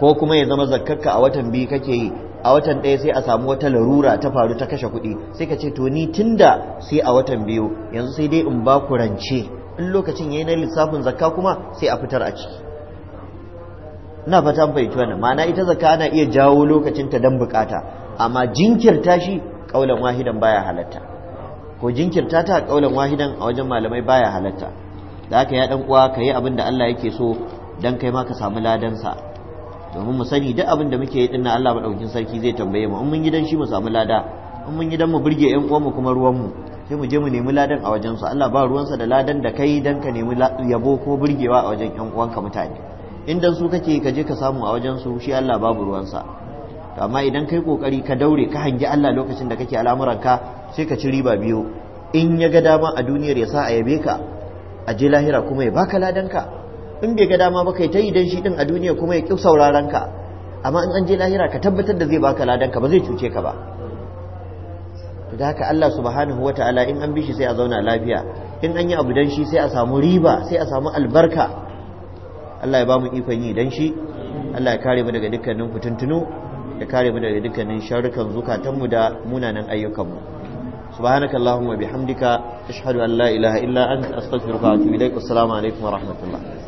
ko kuma ya zama zakkakka a watan biyu kake yi a watan ɗaya sai a samu wata larura ta faru ta kashe kuɗi sai ka ce to ni tunda sai a watan biyu yanzu sai dai in ba ku rance in lokacin yi na lissafin zakka kuma sai a fitar a ciki Ina fata fahimci wannan ma'ana ita zakka ana iya jawo lokacin ta dan bukata amma jinkirta shi kaulan wahidan baya halatta ko jinkirta ta kaulan wahidan a wajen malamai baya halatta da haka ya dan uwa yi abin da Allah yake so dan kai ma ka samu ladansa domin mu sani duk abin da muke yi dinnan Allah madaukin sarki zai tambaye mu in mun gidan shi mu samu lada in mun gidan mu burge uwan mu, kuma ruwan mu sai mu je mu nemi ladan a wajen su Allah ba ruwansa da ladan da kai dan ka nemi yabo ko burgewa a wajen ƴan uwanka mutane in su kake ka je ka samu a wajen su shi Allah babu ruwansa to amma idan kai kokari ka daure ka hangi Allah lokacin da kake ka sai ka ci riba biyu in ya ga dama a duniyar ya sa a yabe ka a je lahira kuma ya baka ladan ka in bai ga dama ba kai ta yi dan shi din a duniya kuma ya ki sauraron ka amma in an je lahira ka tabbatar da zai baka ladan ka ba zai cuce ka ba da haka Allah subhanahu taala in an bi sai a zauna lafiya in an yi abu dan shi sai a samu riba sai a samu albarka Allah ya ba mu ikon yi dan shi Allah ya kare mu daga dukkanin fitintunu ya kare mu daga dukkanin sharrukan zukatanmu da munanan ayyukanmu subhanakallahumma bihamdika ashhadu an la ilaha illa anta astaghfiruka wa atubu ilaik assalamu alaikum wa rahmatullah